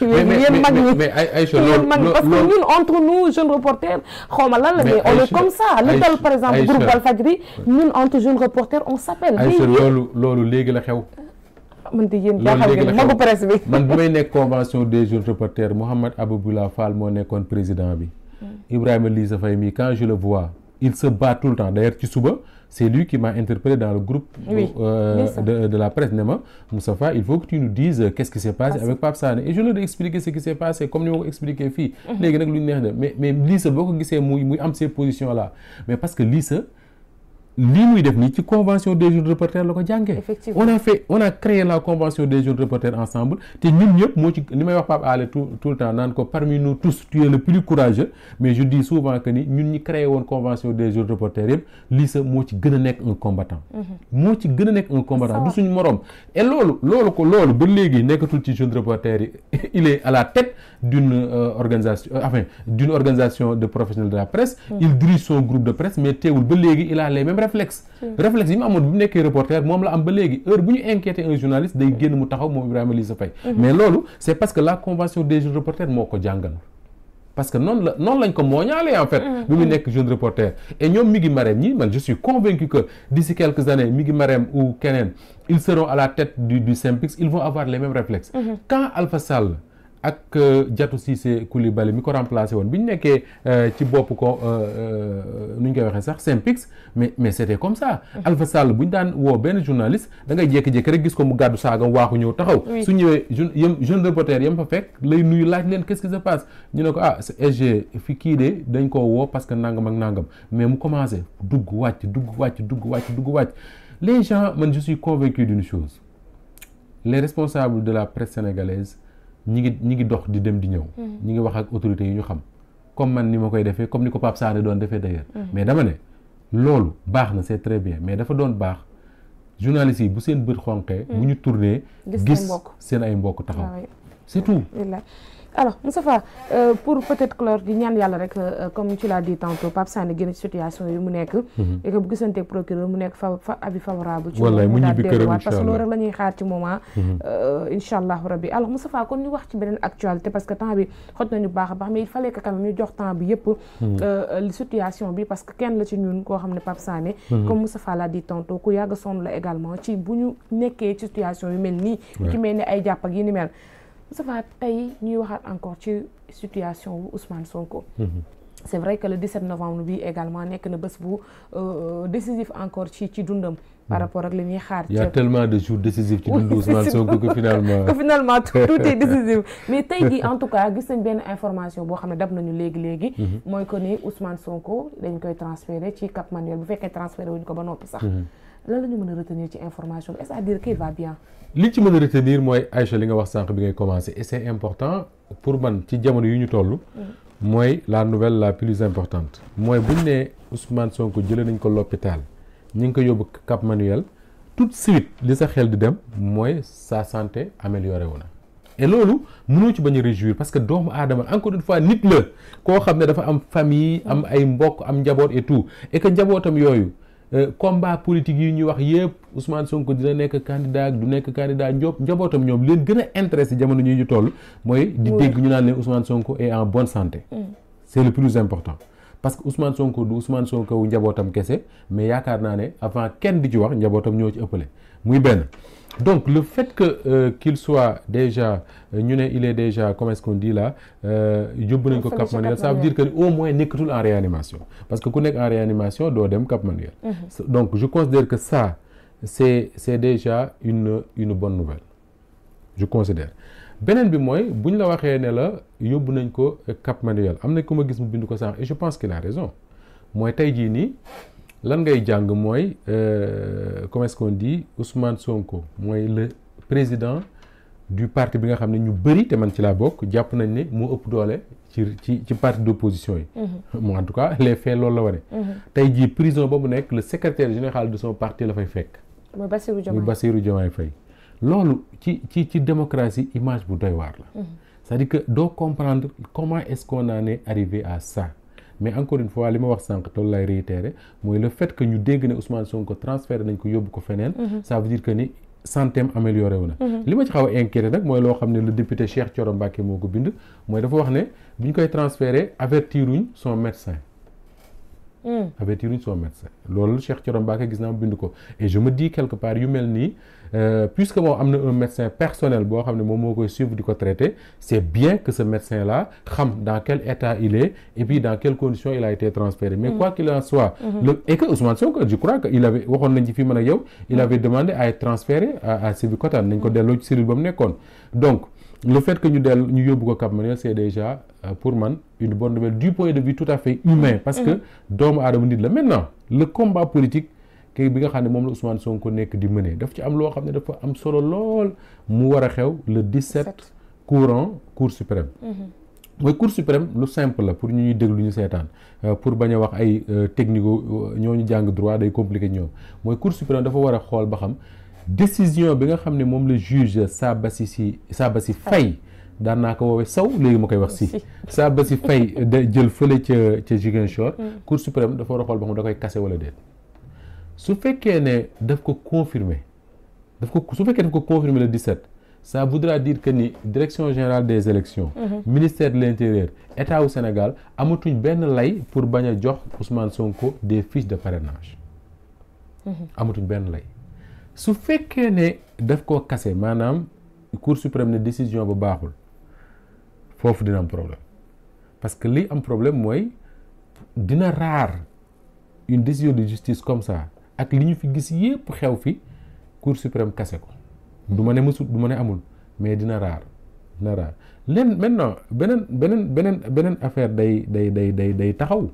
yéen mag ñi mais Aïcha loolu parce que ñun entre nous jeunes reporters xaw ma lan la mais on est comme ça li dal par exemple groupe Walfadjri ñun entre jeunes reporters on s'appelle Aïcha loolu loolu léegi la xew man di yéen jaaxal ngeen magu presse bi man bu may nekk convention des jeunes reporters Mouhamed Aboubila Fall moo nekkoon président bi hmm. Ibrahima Lissa Faye mii quand je le vois il se bat tout le temps d'ailleurs ci suba c'est lui qui m'a interpellé dans le groupe euh, de, la presse ne ma il faut que tu nous dises euh, qu'est-ce qui s'est passé avec Pape et je leur ai expliqué ce qui s'est passé comme ni ma ko expliqué fii mhm. léegi nag de mais mais Lissa boo ko gisee muy am ces positions là mais parce que Lissa lii muy def nii ci convention des jeunes reporters la ko jàngee. on a fait on a créé la convention des jeunes reporters ensemble te ñun ñëpp moo ci li may wax Pape Alé tout le temps naan ko parmi nous tous tu le plus courageux mais je dis souvent que ni ñun ñi créé woon convention des jeunes reporters yëpp lii sa moo ci gën a nekk un combattant. Mm-hmm. moo ci gën a nekk un combattant du suñu morom. et loolu loolu ko loolu ba léegi nekkatul ci jeunes reporters réflexe réflexe yi mu amoon bi mu nekkee reporter moom la am ba léegi heure bu ñu inquiété un journaliste day génn mu taxaw moom Ibrahima Lissa Faye mhm. mais loolu c'est parce que la convention des jeunes reporters moo ko jàngal parce que noonu la noonu lañ ko mooñaalee en fait mhm. bi mu nekk jeune reporter et ñoom Migui Marème ñi man je suis convaincu que d'ici quelques années Migui Marème ou keneen ils seront à la tête du du Synpics ils vont avoir les mêmes réflexes mhm. ak euh, Diatou Cissé Koulibaly mi ko remplacé woon bi ñu nekkee euh, ci bopp ko euh, nu ñu koy waxee sax Synpics mais mais c' comme ça. Mhm. Alpha Sall bu ñu daan woo benn journaliste da ngay jekki jékki rek gis ko mu gàddu saagam waaxu ñëw taxaw. su ñëwee jeune yem jeune reporter yem fa fekk lay nuyu laaj leen qu' est ce qui se passe ñu ne ko ah SG fi kii de dañ koo woo parce que nangam ak nangam mais mu commencé dugg wàcc dugg wàcc dugg wàcc dugg wàcc les gens man je suis convaincu d' une les responsables de la presse sénégalaise. ñi ngi ñi ngi dox di dem di ñëw mm-hmm. ñi ngi wax ak autorité yi ñu xam comme man ni ma koy defee comme ni ko Pape doon defee d'ailleurs mm-hmm. mais dama ne loolu baax na c'est très bien mais dafa doon baax journalistes yi bu seen bët xonqee bu mm-hmm. ñu tourné gis seen ay mbokk taxaw ah c'est tout alors Moustapha euh, pour peut-être clore di ñaan yàlla rek euh, comme tu laa di tantôt Pape Sané génn ci situation yi mu nekk mhm. et que bu gisantee procureur mu nekk fa avis favorable ci wallaay mu ñibbi këram parce que loolu rek la ñuy xaar ci moment ah. mhm. euh, incha allah rabbi alors Moustapha kon ñu wax ci beneen actualité parce que temps bi xoj nañu baax a baax mais il fallait que ñu jox temps bi mhm. euh, situation bi parce que kenn la ci ñun koo xam ne Pape Sané comme Moustapha l'a dit tantôt ku yàgg sonn la également ci bu ñu nekkee ci yu mel nii mel ni ay jàpp ak yi mel Moustapha tey ñuy waxaat encore ci situation wu Ousmane Sonko. Mhm. c'est vrai que le 17 novembre bi également nekk na bés bu euh, euh, décisif encore ci ci dundam. par mhm. rapport ak li ñuy xaar. il y a tellement de jour décisifs ci dundu Ousmane Sonko que finalement. tout est décisif mais tey jii en tout cas gis nañ benn information boo xam ne dab nañu léegi léegi. Mhm. mooy que ni Ousmane Sonko dañ koy transféré ci Cap Manuel bu fekkee transféré wuñ ko ba noppi sax. lan la ñu mën a retenir ci information bi est li ci mën a retenir mooy Aïcha li nga wax sànq bi ngay commencé et important pour man ci jamono yu ñu toll. mooy la nouvelle la plus importante. mooy buñ ne Ousmane Sonko jëlee nañ ko l'hôpital ñu ngi ko yóbbu Cap Manuel tout de li sa xel di dem mooy sa santé amélioré wu na. loolu mënoo ci bañ a réjouir parce que doomu aadama encore une fois nit la koo xam ne dafa am famille am ay mbokk am njaboot et tout njabootam yooyu. Euh, combat politique yi ñuy wax yëpp usman sonk dina nekk candidat du nekk candidat Ndiop njabootam ñoom leen gën a intéressé jamono ñi ñu toll. mooy di dégg ñu naan ne Ousmane Sonko et en bonne santé. Mm. c'est le plus important. parce que Ousmane Sonko du Ousmane Sonko wu njabootam kese mais yaakaar naa ne avant kenn di ci wax njabootam ñoo ci ëppale muy benn. donc le fait que euh, qu'il soit déjà euh, ñu ne il est déjà comment est-ce qu'on dit là euh, yóbbu nañ ko Cap Manuel sa veut dire que au moins nekkatul en réanimation parce que ku nekk en réanimation doo dem Cap Manuel mhm. donc je considère que ça c'est c'est déjà une une bonne nouvelle je considère beneen bi mooy bu ñu la waxee ne la yóbbu nañ ko Cap Manuel am na ku ma gis mu bind ko sànq et je pense qu'il a raison mooy tey jii nii lan ngay jàng mooy euh, comment est-ce qu'on dit Sonko mooy le président du parti bi nga xam ne ñu bëri te man ci laa bokk jàpp nañ ne moo ëpp doole ci ci ci parti d'opposition yi. Mhm. en tout cas les faits loolu la wane. Mhm. tey jii prison ba mu nekk le secrétaire général de son parti la fay fekk. muy Bassirou Diomaye muy Bassirou loolu ci ci ci démocratie image bu doy waar la. Mhm. cest à doo comprendre comment est naa qu'on en est à sa mais encore une fois li ma wax sànq loolu lay réitéré mooy le fait que ñu dégg ne Ousmane Sonko transféré nañ ko yóbbu ko feneen mhm. ça veut dire ni santé am amélioré wu na mhm. li ma ci xaw a inquiété nag mooy loo xam ne le député Cheikh Thioro Mbacké moo ko bind mooy dafa wax ne bu ñu koy transféré avertiruñ son médecin mm. avertiruñ son médecin loolu Cheikh Thioro Mbacké gis naa bind ko et je me dis quelque part yu mel nii Euh, puisque moom am na un médecin personnel boo xam ne moom moo koy suivre di ko traiter c'est bien que ce médecin là xam dans quel état il est et puis dans quelles conditions il a été transféré mais mm. quoi qu'il en soit mm-hmm. le et que Ousmane Sonko je crois que il avait waxoon nañ ci fii man ak yow il mm. avait demandé à transféré à Sébikotane nañ ko delloo ci ba mu nekkoon donc le fait que ñu dellu ñu yóbbu ko Cap Manuel c'est déjà euh, pour man une bonne nouvelle kii bi nga xam ne moom la Ousmane ko nekk di mëne daf ci am loo xam ne dafa am solo lool mu war a xew le 17 courant cour suprême mhm. mooy cour suprême lu simple la pour ñu ñuy déglu ñu seetaan euh, pour bañ a wax ay euh, technico euh, ñooñu jàng droit day compliqué ñoom mooy cour suprême dafa war a xool ba xam décision bi nga xam ne moom la juge Sabassi si si Faye daan naa ko woowe saw léegi ma koy wax si Sabassi Faye da jël fële ca ca Ziguinchor mm. cour suprême dafa war a xool ba da koy kase wala déet su fekkee ne daf ko confirmer daf ko su fekkee daf ko confirmer le 17 ça voudra dire que ni direction générale des élections mmh. ministère de l'intérieur état wu Sénégal amatuñ benn lay pour bañ a jox Ousmane Sonko des fiches de parrainage mhm. amatuñ benn lay su fekkee ne daf ko kase maanaam cour suprême ne décision ba baaxul foofu dina am problème parce que li am problème mooy dina rare une décision de justice comme ça ak li ñu fi gis yépp xew fi cour suprême kase ko du ma ne mësul du ma ne amul mais dina raar dina raar leen maintenant beneen beneen beneen beneen affaire day day day day day taxaw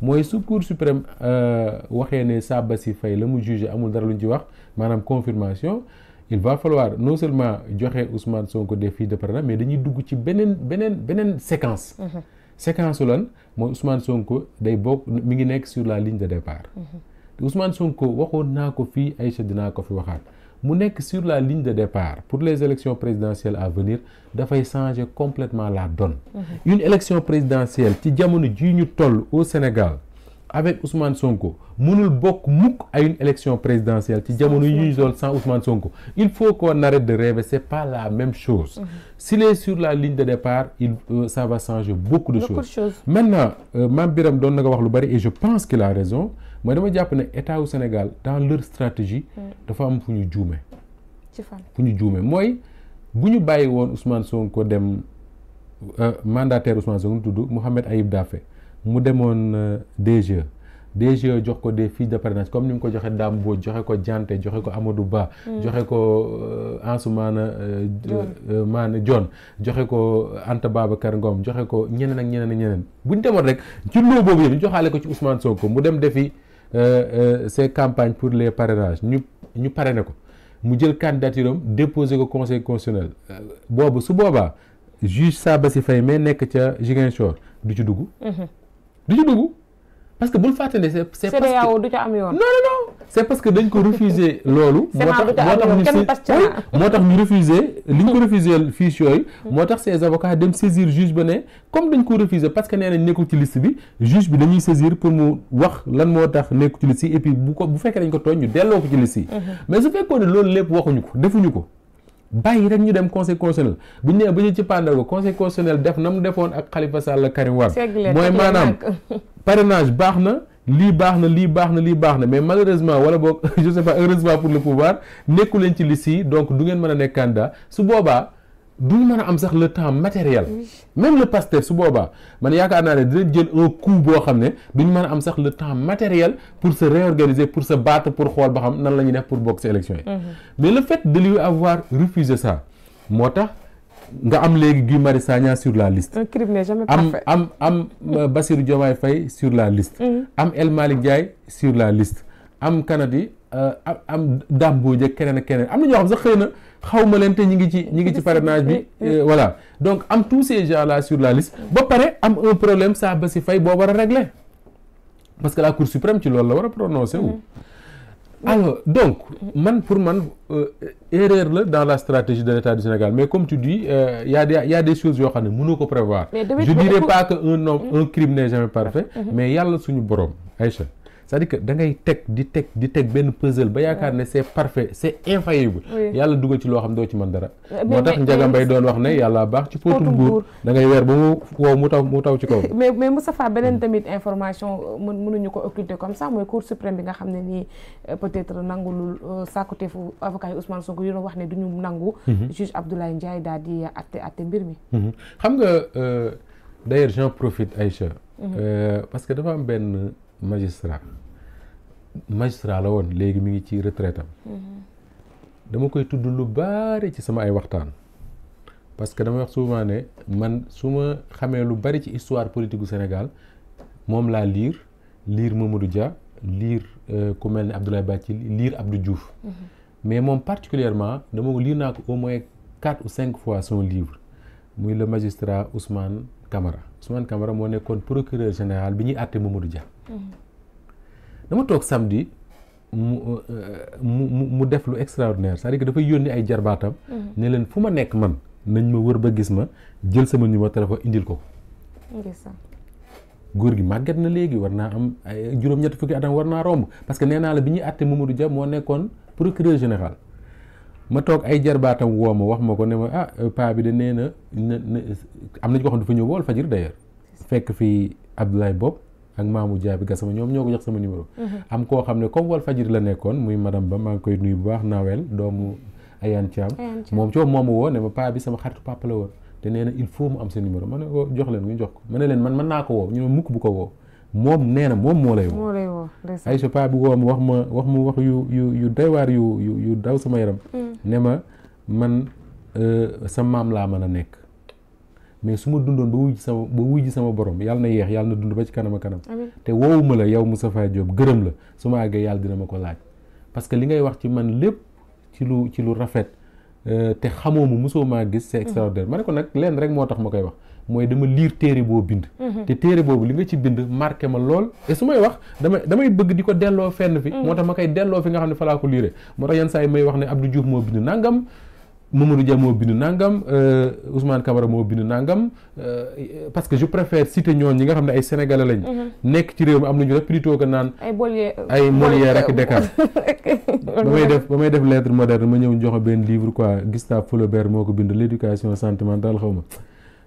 mooy su cour suprême euh, waxee ne si fay la mu jugé amul dara lu ñu ci wax maanaam confirmation il va falloir no seulement joxe Ousmane Sonko de fiches de parrainage mais dañuy dugg ci beneen beneen beneen séquence. Mm-hmm. séquence su lan mooy Ousmane sonk day bokk mu ngi nekk sur la ligne de départ. Mm-hmm. te Ousmane Sonko waxoon naa ko fii Aïcha dinaa ko fi waxaat mu nekk sur la ligne de départ pour les élections présidentielles à venir dafay changer complètement la donne mmh. une élection présidentielle ci jamono ji ñu toll au Sénégal avec Ousmane Sonko mënul bokk mukk à une élection présidentielle ci jamono yi ñuy sol sans Ousmane Sonko il faut qu'on arrête de rêver c'est pas la même chose mmh. s'il sur la ligne de départ il euh, ça va changer beaucoup de beaucoup choses. maintenant euh, Mame Biram doon na ko wax lu bari je pense qu'il a raison mooy dama jàpp ne état wu senegal dans leur stratégie. Mm. dafa am fu ñu juume. ci fan fu ñu juume mooy bu ñu bàyyi woon Ousmane Sonko dem euh, mandataire Ousmane Sonko tudd Mouhamed Ayib Daffé mu demoon euh, DG. DGE e jox ko des fiches de parrainage comme ni mu ko joxe Dame Mbodj joxe ko Dianté joxe ko Amadou Ba. Mm. joxe ko euh, Ansoumana Maane Dione joxe ko Anta Babacar Ngom joxe ko ñeneen ak ñeneen ak bu ñu demoon rek ci loo boobu joxaale ko ci Ousmane Sonko mu dem defi. Euh, euh, ces campagne pour les parrainages ñu ñu parrainé ko mu jël candidature am déposé ko conseil constitutionnel euh, booba su boobaa juge si Faye mais nekk ca Ziguinchor du ci dugg. Mhm. du ci dugg. parce que bul fàttali c' est. dañ ko refusé loolu. moo tax moo tax ñu refusé li ko refusé fiche yooyu. Hmm. moo tax ces avocats dem saisir juge ba ne comme dañ ko refusé parce nee nañ nekkul ci liste bi juge bi dañuy saisir pour mu wax lan moo tax nekkul ci liste yi et bu ko bu fekkee dañ ko tooñ ñu delloo ko ci liste yi. Hmm. mais su fekkoon loolu lépp waxuñu ko defuñu ko. bàyyi rek ñu dem conseil bu ñu nee ba ñu ci pàndaw conseil constitutionnel parrainage baax na lii baax na lii baax na lii baax na mais malheureusement wala boog je sais pas heureusement pour le pouvoir nekku leen ci liste donc du ngeen mën a nekk candidat su boobaa duñ mën a am sax la temps matériel même le Pastef su boobaa man yaakaar naa ne dina jël un coup boo xam ne duñ mën a am sax le temps matériel pour sa réorganiser pour sa baat pour xool ba xam nan la ñuy def pour bokk ci élection yi mhm. mais le fait de avoir refusé moo tax nga am léegi Guy Marius Sagna sur la liste. un crime n'est jamais am am am euh, Bassirou Diomaye fay sur la liste. Mm. am El Malick Ndiaye sur la liste. am kanati euh, am am Dame Mbodj ak keneen ak keneen am na ñoo xam sax xëy na xaw ma leen te ñu ngi ci ñu ngi ci parrainage bi. Euh, voilà donc am tous ces gens là sur la liste. ba pare am un problème saa ba si fay boo war a régler parce que la Cour suprême ci loolu la war a prononcé wu. Mm. alors donc man pour man euh, erreur la dans la stratégie de l'État du Sénégal mais comme tu dis euh, y a des y a yoo xam ne munoo ko prévoir. je dirais pas que un homme un crime n'est jamais parfait. Mm-hmm. mais yàlla suñu borom Aïcha. c'est-à-dire da ngay teg di teg di teg benn puzzle ba yaakaar ne c'est parfait c'est infaillible yàlla dugal ci loo xam doo ci mën dara euh, moo tax Njaga Mbay doon wax ne yàlla baax ci pootum buur da weer ba mu wow mu taw mu taw ci kaw mais mais Moustapha beneen hmm. tamit information euh, mënuñu ko occulter comme ça mooy cour suprême bi nga xam ne nii euh, peut-être nangulul sàkkuteefu avocat yi Ousmane Sonko yu doon wax ne duñu nangu hmm. juge Abdoulaye Ndiaye daal di atte atte mbir mi hmm. xam nga d'ailleurs j'en profite Aïcha parce magistra magistrat la woon léegi mi ngi ci retraite mm-hmm. dama koy tudd lu bari ci sama ay waxtaan parce que dama wax souvent ne man su ma xamee lu bari ci histoire politique gu Sénégal moom laa liir liir Mamadou Dia liir euh, ku mel ne Abdoulaye Bathily liir Abdou juuf mm-hmm. mais moom particulièrement dama liir naa ko au moins quatre ou cinq fois son livre muy le magistrat Ousmane Camara Ousmane Camara moo nekkoon procureur général bi ñuy àtte Mamadou Dia dama toog samedi mu mu mu def lu extraordinaire cest à dafay yónni ay jarbaatam. Mm. ne leen fu ma nekk man nañ ma wër ba gis ma jël sama numéro téléphone indil ko. góor gi màgget na léegi war naa am ay juróom-ñetti fukki atam war naa romb parce que nee naa la bi ñuy àtte Mamadou Dia moo nekkoon procureur général. ma toog ay jarbaatam woo ma wax ma ko ne ma ah paa bi de nee na na am na ci ko xam dafa ñëw wool fajir d'ailleurs fekk fii Abdoulaye Bob ak maamu jaabi sama ñoom ñoo ko jox sama numéro mhm. am koo xam ne comme wal fajiri la nekkoon muy madame ba maa ngi koy nuyu bu baax nawel doomu Ayane Thiam moom coow moom woo ne ma paa bi sama xaritu la woon te nee na il faut mu am sa numéro ma ne jox leen ñu jox ko ma ne leen man mën woo ñu ne mukk ko woo moom nee na moom moo lay woo ay sa paa bi woo ma wax ma wax mu wax yu yu yu daywaar yu yu yu daw sama yaram mm. ne ma man euh, sa maam laa mën a nekk mais su ma dundoon ba wuy ji sama ba wuy ji sama borom yàlla na yeex yàlla na dund ba ci kanam a kanam te woowuma la yow Moustapha Diop gërëm la su ma àggee yàlla dina ma ko laaj parce que li ngay wax ci man lépp ci lu ci lu rafet euh, te xamoo mu mosoo maa gis c'est mhm. extraordinaire ma ne ko nag lenn rek moo tax ma koy wax mooy dama liir téere boo bind mhm. te téere boobu li nga ci bind marqué ma lool su may wax damay damay bëgg di ko delloo fenn fi mhm. moo tax ma koy delloo fi nga xam ne falaa ko liire moo tax yenn may wax ne Abdou Diouf moo bind nangam Mamadou Dia moo bindu nangam euh, usman Camara moo bind nangam euh, parce que je préfère citer ñooñu ñi nga xam ne ay sénégalais lañ. Mhm. nekk ci réew mi am nañu rek plutôt que naan. ay Molière euh, ay Molière rek Descartes. ba may def ba may def lettre moderne ma ñëw joxe benn livre quoi Gustave Flaubert moo ko bind l'éducation sentimentale xaw ma.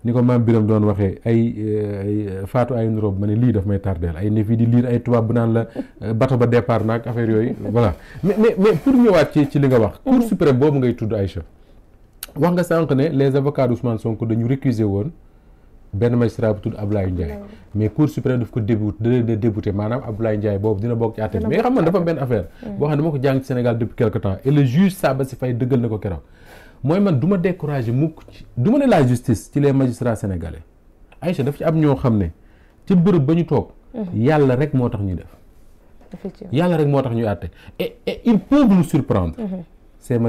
ni ko maam Biram doon waxee ay faatu ay nuroob ma ne lii daf may tardeel ay ne fii di liir ay tubaab bu naan la bato ba départ naag affaire yooyu voilà mais mais pour ñëwaat ci ci li nga wax. Mhm. Cour suprême boobu ngay tudd ay Aïcha. wax nga sànq ne les avocats d'Ousmane Sonko dañu récuser woon benn magistrat bu tudd Abdoulaye Ndiaye mais cour suprême daf ko débouté de débouté maanaam Abdoulaye Ndiaye boobu dina bokk ci àtte bi mais xam nga dafa am benn affaire boo xam ne dama ko jàng ci Sénégal depuis quelque temps et le juge Sabassy dëggal na ko keroog mooy man du ma mukk ci du ne la justice ci les magistrats sénégalais Aïcha daf ci am ñoo xam ne ci bërëb ba ñu toog mhm. yàlla rek moo tax moo tax ñuy àtte et et ils peuvent nous surprendre mhm. ces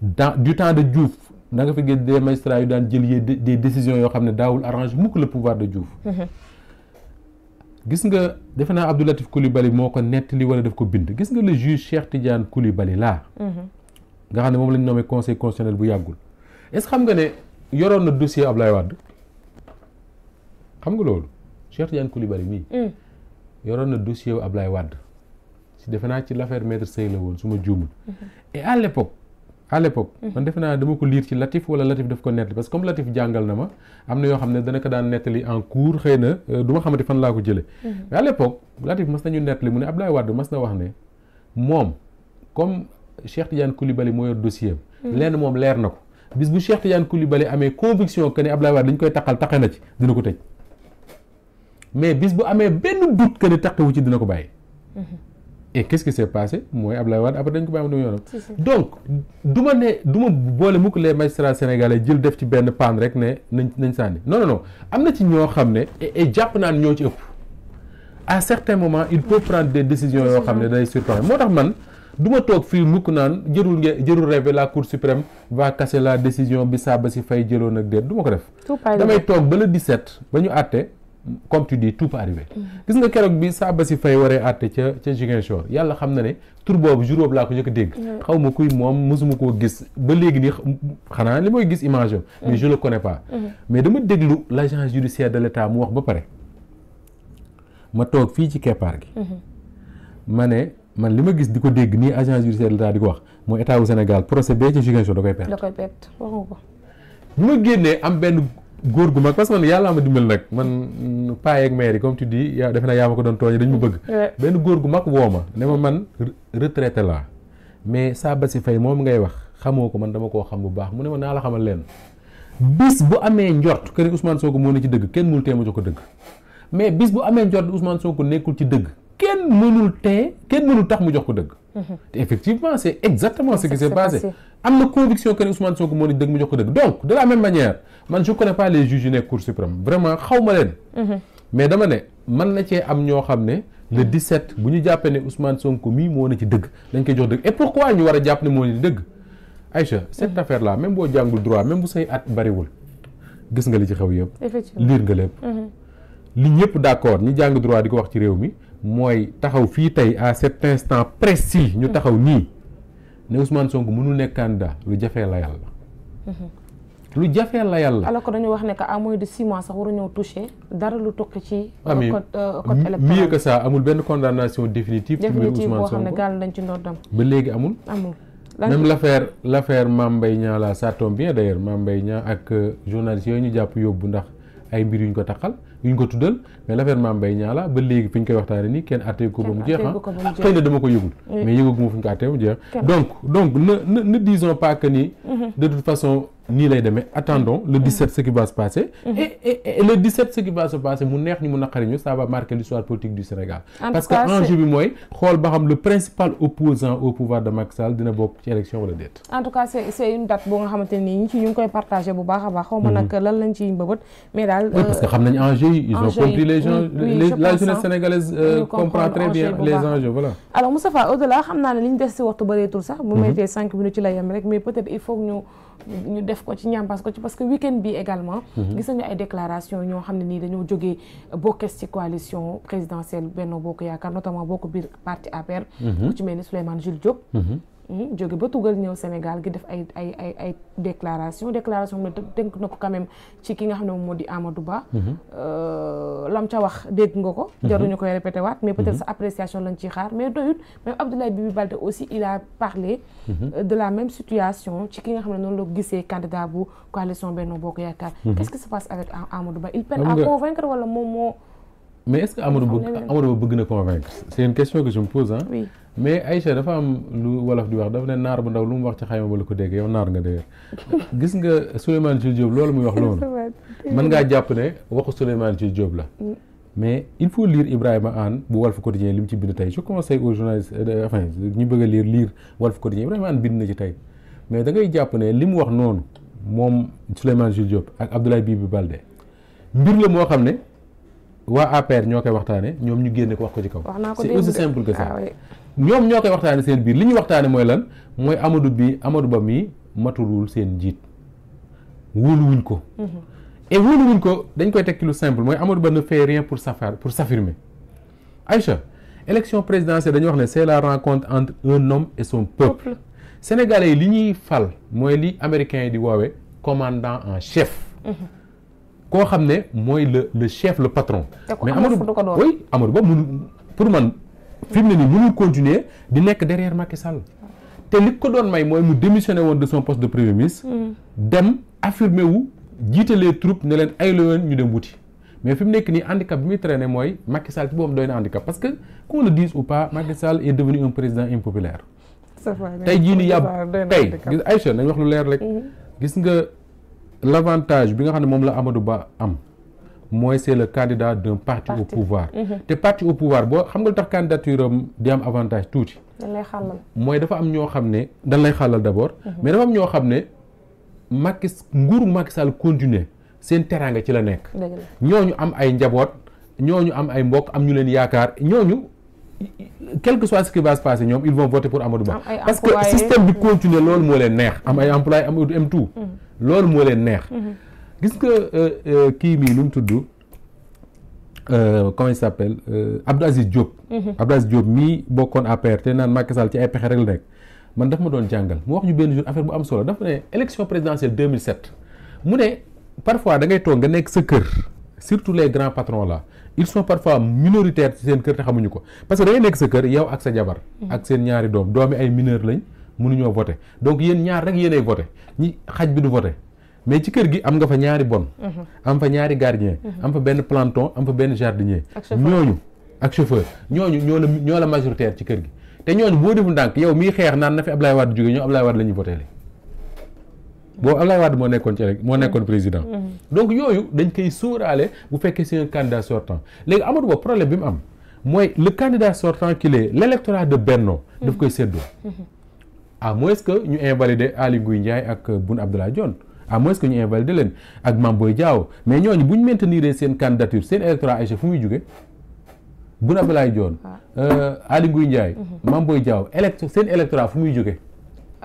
dans du temps de Diouf da nga fa gis des magistrats yu daan jël des décisions yoo xam ne daawul arrange mukk le pouvoir de Diouf. Mhm. gis nga defe naa Abdou Latif Coulibaly moo ko nettali wala def ko bind gis nga le juge Cheikh Tidiane Coulibaly laa. Mhm. nga xam ne moom lañ nommé conseil constitutionnel bu yàggul. est xam nga ne yoroon na dossier Ablaye Wade xam nga loolu Cheikh Tidiane Coulibaly mii. Mm. yoroon na dossier Ablaye Wade si defe naa ci l'affaire maître Sèye la woon à l'époque man defe naa dama ko liir ci Latif wala Latif daf ko nettali parce que comme Latif jàngal na ma am na yoo xam ne dana ko daan nettali en cours xëy na euh, du ma xamante fan laa ko jëlee mhm. mais à l'époque Latif mas nañu nettali mu ne Abdoulaye Wade mas na wax ne moom comme Cheikh Tidiane Koulibaly moo yor dossier am mhm. lenn moom leer na ko bis bu Cheikh Tidiane Koulibaly amee conviction que ne Abdoulaye Wade li ñu koy taqal taqe na ci dina ko tëj mais bis bu amee benn doute taqewu ci dina ko bàyyi mhm. et qu'est-ce qui s'est passé mooy Abdoulaye Wade après dañ ko bàyyi mu dem yoonam donc du ma ne du ma boole mukk les magistrats sénégalais jël def ci benn paan rek ne nañ nañ sànni non non am na ci ñoo xam ne et jàpp naan ñoo ci ëpp a certains moments il peut prendre des décisions yoo xam ne day surprendre moo tax man du ma toog fii mukk naan jërul ngeen jërul rêve la cour suprême va casser la décision bi Sabassy Faye jëloon ak déet du ma ko def damay toog ba ba ñu àtte comme tu dis tout peut gis nga keroog bi Sabassy Faye waree àtte ca ca yàlla xam na ne tur boobu jour boobu laa ko njëkk a dégg. xaw ma kuy moom mosuma koo gis ba léegi nii xanaa li mooy gis image am. mais mm. je le mm-hmm. mais dama déglu l' agent judiciaire de l' état mu wax ba pare ma toog fii ci keppaar gi. Mm-hmm. ma ne man li ma gis di ko dégg nii agent judiciaire de l' état di ko wax mooy état wu Sénégal procès bee ca Ziguinchor da koy perte. bi ma génnee am benn. góor gu mag parce que man yàllaa ma dimbal nag man paa yeeg maire yi comme tu dis yaa defe naa yaa ma ko doon tooñe dañ ma bëgg. Eh. benn góor gu mag woo ma ne ma man retraité laa mais saaba si fay moom ngay wax xamoo ko man dama koo xam bu baax mu ne ma naa la xamal leen bis bu amee njort que ni Ousmane Sonko moo ne ci dëgg kenn mënul tee ma jox ko dëgg mais bis bu amee njort soo ko nekkul ci dëgg. kenn mënul tee kenn mënul tax mu jox ko dëgg mhm. te effectivement c'est exactement ce qui s'est passé am na conviction que ne Ousmane Sonko moo ni dëgg mu jox ko dëgg donc de la même manière man je connais pas les juges yu nekk Cour suprême vraiment xaw leen mhm. mais dama ne man na cee am ñoo xam ne le mhm. set bu ñu jàppee ne Ousmane Sonko mii moo na ci dëgg dañ koy jox dëgg et pourquoi ñu war a jàpp ne moo ni dëgg Aïcha cette affaire là même boo jàngul droit même bu say at bariwul gis nga li ci xew yëpp liir nga lépp li ñëpp d'accord ñi jàng droit di ko wax ci réew mi mooy taxaw fii tey à cet instant précis ñu taxaw nii ne Ousmane Sonko mënul nekk candidat lu jafee la yàlla. lu jafee la yàlla. alors que dañu wax ne que à moins sax six mois sax waruñoo dara lu tukki ci. Euh, amiin code euh, électoral mieux que amul benn condamnation définitive. ci biir Ousmane Sonko définitive boo nañ ci ndordam. ba léegi amul. amul même l' affaire l' affaire Mame Mbaye la ça tombe bien d' ailleurs Mame ak euh, journaliste yooyu ñu jàpp yóbbu ndax ay mbir yu ñu ko taxal yu ko tuddal mais l'affaire la ba léegi fi ñu mu neex ñu mu naqari ñu ça va marquer l'histoire politique du Sénégal parce que enjeu bi mooy xool ba xam le principal opposant au pouvoir de Macky Sall dina bokk ci élection wala déet en tout cas c'est une date boo nga xamante nii ñu ngi koy partagé bu baax a baax ma mm-hmm. nag lan lañ ci mbëbët mais daal parce que euh, xam nañ enjeu yi ils ont les gens oui, les, la sénégalaise euh, comprend très bien les enjeux voilà. alors Moustapha au-delà xam naa ne li ñu des si waxtu bëreetul sax. bu mettee mhm. cinq ci la yem rek mais peut-être il faut ñu ñu def ko ci ñampas ko ci parce que week-end bi également. Mhm. gis nañu ay déclaration ñoo xam ne nii dañoo jógee bokkes ci coalition présidentielle Benno Bokk Yaakaar notamment bokk biir parti APR. Mhm. ku ci mel ni Souleymane Jules Diop. jóge ba tugal ñëw Sénégal gi def ay ay ay déclaration déclaration bi tënk na ko quand même ci ki nga xam ne moom moo di Amadou Ba mhm. euh, lam ca wax dégg nga ko mhm. jaruñu koy répété waat mais peut-être mhm. sa appréciation lañ ci xaar mais doyut même Abdoulaye Bibi Baldé aussi il a parlé euh, de la même situation ci ki nga xam ne noonu la gisee candidat bu coalition Benno Bokk Yaakaar qu'est-ce qui se passe avec Amadou Ba il peine à convaincre wala moom moo mais est-ce que Amadou Ba Amadou Ba bëgg na convaincre c'est question que je me pose ah. mais Aïcha dafa am lu wolof di wax dafa ne naar bu ndaw lu mu wax ci xayma ba la ko dégg yow naar nga dégg gis nga Souleymane Jules Diop loolu muy wax loolu. man ngaa jàpp ne waxu Souleymane Jules Diop la. Mm. mais il faut liir Ibrahima Anne bu Walf Quotidien li mu ci bind tey je conseille aux journalistes euh, enfin ñu bëgg a liir lire Walf Quotidien Ibrahima Anne bind na ci tey mais da jàpp ne li mu wax noonu moom Souleymane Jules Diop ak Abdoulaye Bibi Baldé mbir la moo xam ne. waa APR ñoo koy waxtaane ñoom ñu génne ko wax ko ci kaw ah ñoom ñoo koy waxtaane seen biir li ñu waxtaane mooy lan mooy Amadou bi Amadou Ba mii matulul seen njiit wóoluwuñ ko mhm. et wóoluwuñ ko dañ koy tekki lu simple mooy Amadou Ba ne fait rien pour s'affaire pour s'affirmer Aïcha élection présidentielle dañu wax ne c'est la rencontre entre un homme et son peuple sénégalais li ñuy fal mooy li américains yi di woowee commandant en chef mhm. koo xam ne mooy le le chef le patron. mais Amadou oui Amadou Ba mënul pour man fi mu ne nii mënul continuer di nekk derrière Macky Sall. te li ko doon may mooy mu démissionné woon de son poste de premier ministre. Hmm. dem affirmé wu jiite les troupes ne leen ay yoon ñu dem wuti. mais fi mu nekk nii handicap bi muy traîné mooy Macky Sall ci boobu doy na handicap parce que qu'on le dise ou pas Macky Sall est un président impopulaire. tey jii nii yàbb tey gis Aïcha nañ wax leer rek. Hmm. gis nga. l'avantage bi nga xam ne moom la Amadou Ba am mooy c'est le candidat de parti, parti au pouvoir mhm. te parti au pouvoir boo xam nga lu tax candidature am di am avantage tuuti mooy dafa am ñoo xam ne dañ lay xàllal d'abord mhm. mais dafa am ñoo xam ne makis nguuru Macky Sall continuer seen teraanga ci la nekk ñooñu am ay njaboot ñooñu am ay mbokk am ñu leen yaakaar ñooñu quel que soit ce qui va se passer ñoom ils vont voter pour Amadou Ba parce que système bi continuer loolu moo leen neex am ay mm-hmm. mm-hmm. moo leen neex mm-hmm. gis nga euh, euh, kii mii lu mu tudd euh, comment il s'appelle Abdou Aziz Diop Abdou Aziz Diop mii bokkoon APR te naan Macky Sall ci ay pexe rek la nekk man daf ma doon jàngal mu wax ñu benn jour affaire bu am solo dafa ne élection présidentielle mu ne parfois da ngay toog nga nekk sa kër surtout les grands patrons la ils sont parfois minoritaires ci seen kër te xamuñu ko parce que da ngay nekk sa kër yow ak sa jabar mm-hmm. ak seen ñaari doom doomi ay mineur lañ mënuñoo voté donc yéen ñaar rek yéenay voté ñi xaj bi du voté mais ci kër gi am nga fa ñaari bonne mm-hmm. am fa ñaari gardien mm-hmm. am fa benn planton am fa benn jardinier ñooñu ak chauffeur ñooñu ñoo la majoritaire ci kër gi te ñooñu boo defu ndànk yow miy xeex naan na fi Ablaye Wade jógee ñoo Ablaye Wade la ñuy voté boobu Abdoulaye Wade moo nekkoon ci rek moo mm-hmm. nekkoon président. Mm-hmm. donc yooyu dañ koy sóoraale bu fekkee seen un candidat sortant léegi Amadou Ba problème bi mu am mooy le candidat sortant qu'il est l'électorat de Benno mm-hmm. daf koy séddoo. à moins que ñu invalider Aly Ngouille Ndiaye ak Boun Abdallah Dionne à moins que ñu invalider leen ak Mame Boye Diao mais ñooñu bu ñu maintenir seen candidature seen électorat ay fu muy jóge Boun Abdallah Dionne ah. euh, ali Ngouille Ndiaye Mame Boye Diao élect seen électorat f muy jóge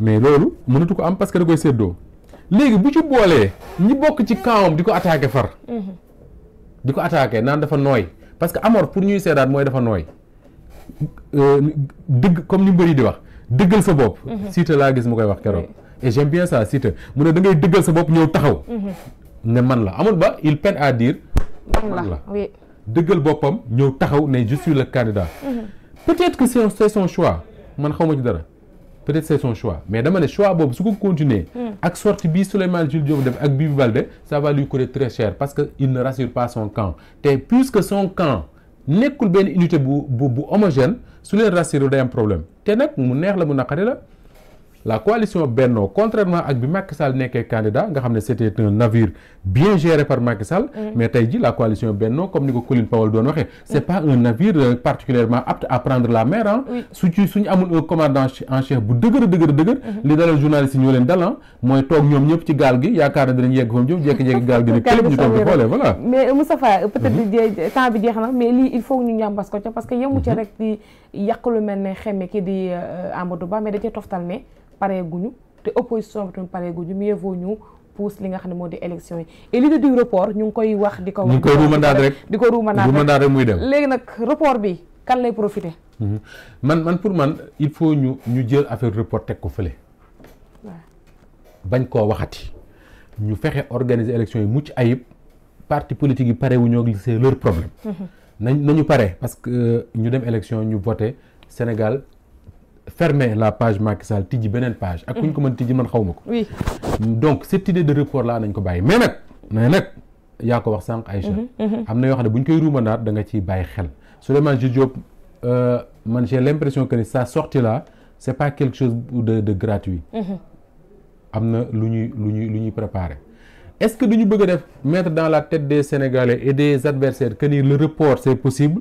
mais loolu mënatu ko am parce que da koy séddoo léegi bu ci boolee ñi bokk ci kawam di ko attaque far. di ko attaqué naan dafa nooy parce que amor pour ñuy seedaat mooy dafa nooy dëgg comme ni mbëri di wax dëggal sa bopp. Mhm. Siteu laa gis mu koy wax keroog. et j'aime bien ça Siteu mu ne da ngay dëggal sa bopp ñëw taxaw. Mhm. ne man la amul ba il peine à dire. man la dëggal boppam ñëw taxaw ne je suis le candidat. Mhm. peut-être que c'est son choix man xaw ma ci dara. peut-être c'est son choix mais dama ne choix boobu su ko continuer hmm. ak sortie bii Souleymane Jules Diop def ak Bibi Baldé ça va lui coûter très cher parce que il ne rassure pas son camp te puisque son camp nekkul benn unité bu bu bu homogène su leen rassuré day am problème te nag mu neex la mu naqari la la coalition Benno contrairement ak bi Macky Sall nekkee candidat nga xam ne c'était un navire bien géré par Macky mm. mais tey ji la coalition Benno comme ni ko Colin Powell doon waxee c'est pas un navire euh, particulièrement apte à prendre la mer su ci amul un commandant en chef bu dëgër dëgër dëgër mm-hmm. li dalal journaliste ñoo leen dalan mooy toog ñoom ñëpp ci gaal gi yaakaar na dinañ yegg fa mu jëm jékki-jékki gaal gi ne këlëb ñu toog di xoolee euh, mm-hmm. na mais lii yàq lu mel ne xemme kii di euh, Amadou Ba mais dañ cee toftal ne paree guñu te opposition bi tamit ñu guñu mieux vaut ñu pousse li nga xam ne moo di élection yi et li di report ñu ngi koy wax di ko wax ñu ngi koy rek di ko ruumandaat rek muy dem léegi nag report bi kan lay profité mhm. man man pour man il faut ñu ñu jël affaire report teg ko fële bañ koo waxati ñu fexe organiser élection yi mucc ayib parti politique yi pare wuñoo ak c'est leur problème mhm. nañ nañu pare parce que euh, ñu dem élection ñu voté Sénégal fermer la page Macky Sall tijji beneen page. ak ku ñu ko mën tijji man xaw ma ko. donc cette idée de report là nañ ko bàyyi mais nag mais nag yaa ko wax sànq Aïcha. Mhm, mhm. am na yoo xam ne bu ñu koy ruumandaat da nga ciy bàyyi xel. Souleymane Jules Diop euh, man j'ai l'impression que ni sa sortie là c'est pas quelque chose de de gratuit. Mhm. am na lu ñuy lu ñuy lu ñuy préparé. est-ce que duñu bëgg a def mettre dans la tête des sénégalais et des adversaires que le report c'est possible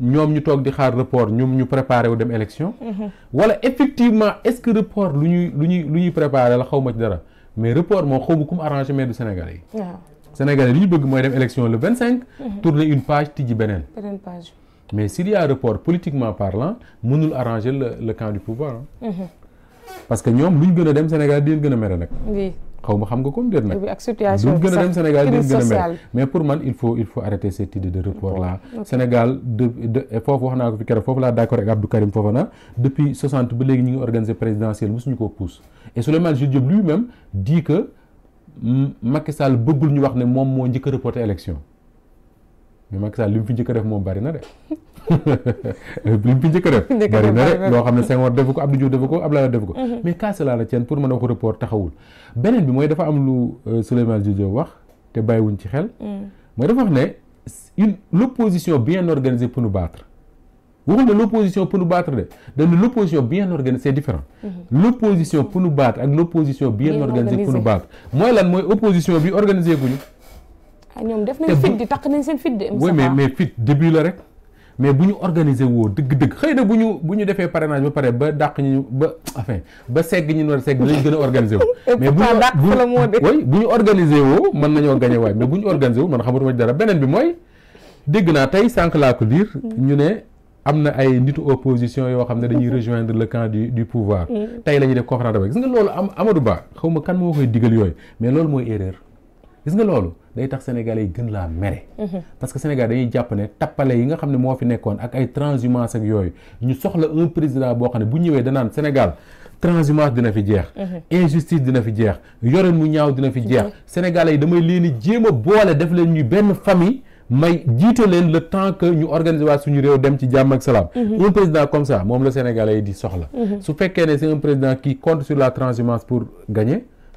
ñoom ñu toog di xaar report ñoom ñu préparé wu dem élection mm-hmm. wala effectivement est-ce que report lu ñuy lu ñuy lu ñuy préparé la xaw ma ci dara mais report moo xaw ma ku mu arrangé mais du sénégalais yi waaw sénégalais ñu bëgg mooy dem élection le vingt cinq mm-hmm. tourner une page tijji beneen beneen page mais s'il y politiquement parlant mënul arranger le le camp du pouvoir mm-hmm. parce que ñoom lu ñu gën a dem Sénégal di leen gën a mere nag xaw ma xam nga comme déet nag du gën a dem Sénégal du gën a mel mais pour man il faut il faut arrêter cette de report là Sénégal de foofu wax naa ko fi keroog foofu laa d'accord ak Abdou Karim Fofana depuis 60 ba léegi ñu ngi organiser présidentielle mosuñu koo pousse et Souleymane Jules Diop lui-même dit que Macky Sall bëggul ñu wax ne moom moo njëkk a reporter élection mais Macky Sall li fi njëkk a def moom bari na de li mu fi a def de loo xam ne Senghor defu ko Abdou Diouf defu ko Abdoulaye defu ko mhm. mais qu'à cela ne tienne pour mën a wax report taxawul beneen bi mooy dafa am lu euh, Souleymane Jules Diop wax te bàyyiwuñ ci xel mhm. mooy dafa wax ne une l'opposition bien organisée pour nous battre waxul ne l'opposition bien organisée c'est différent mhm. l'opposition pour nous ak l'opposition bien organisée pour nous mooy lan mooy opposition bi organisé guñu Ah, ñoom def nañ fit di takk nañ seen fit de. oui mais mais fit début la rek mais bu ñu organiser woo dëgg-dëgg xëy na bu ñu bu ñu defee parrainage ba pare ba dàq ñu ba enfin ba segg ñu a segg dinañ gën a organiser wu. mais bu ñu bu ñu organiser woo mën nañoo gagné waay mais bu ñu organiser wu man dara beneen bi mooy dégg naa tey sànq laa ko mm. ñu ne. am na ay nitu opposition yoo xam ne dañuy mm-hmm. rejoindre le camp du du pouvoir. Mm. tey la ñuy def conférence de presse gis nga loolu am Amadou Ba xaw ma kan moo koy digal yooyu mais loolu mooy erreur. gis nga loolu day tax sénégalais yi gën laa mere. Mhm. parce que Sénégal dañuy jàpp ne tappale yi nga xam ne moo fi nekkoon ak ay transhumance ak yooyu ñu soxla un président boo xam ne bu ñëwee danaan Sénégal transhumance dina fi jeex. Mhm. injustice dina fi jeex yorin mu ñaaw dina fi mhm. jeex. sénégalais yi damay leen di jéem boole def leen ñu benn famille. may jiite leen le temps que ñu organiser waat suñu réew dem ci jàmm ak salaam. un président comme ça moom la sénégalais yi di soxla. su fekkee ne c'est un président qui compte sur la transhumance pour gagner.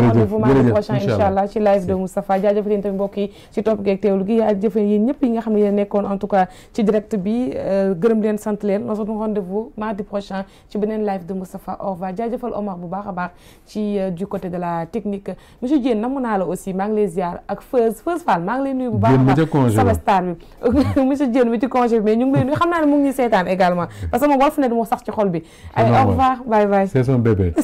rendez-vous mardi prochain nekkoon ci direct bi euh, gërëm leen sant leen nous rendez-vous mardi prochain ci beneen live de Moustapha au revoir jaajëfal Omar bu baax a baax ci euh, du côté de la technique monsieur Diène namu naa la aussi maa ngi lay ak Feuz Feuz Fall maa ngi lay bu baax a baax sama star bi monsieur Diène mi ci congé bi mais ñu ngi lay nuyu xam naa ne mu ngi seetaan également parce que moom wolof ne moo sax ci xol bi ay au bye bye c'est bébé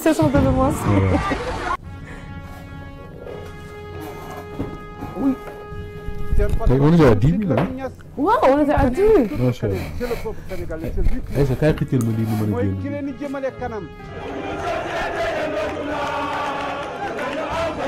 on est déjà à 10 000 là. waaw on est déjà à 10 000. macha allah. Aïcha kaay xëccal ma lii mu mën a génn.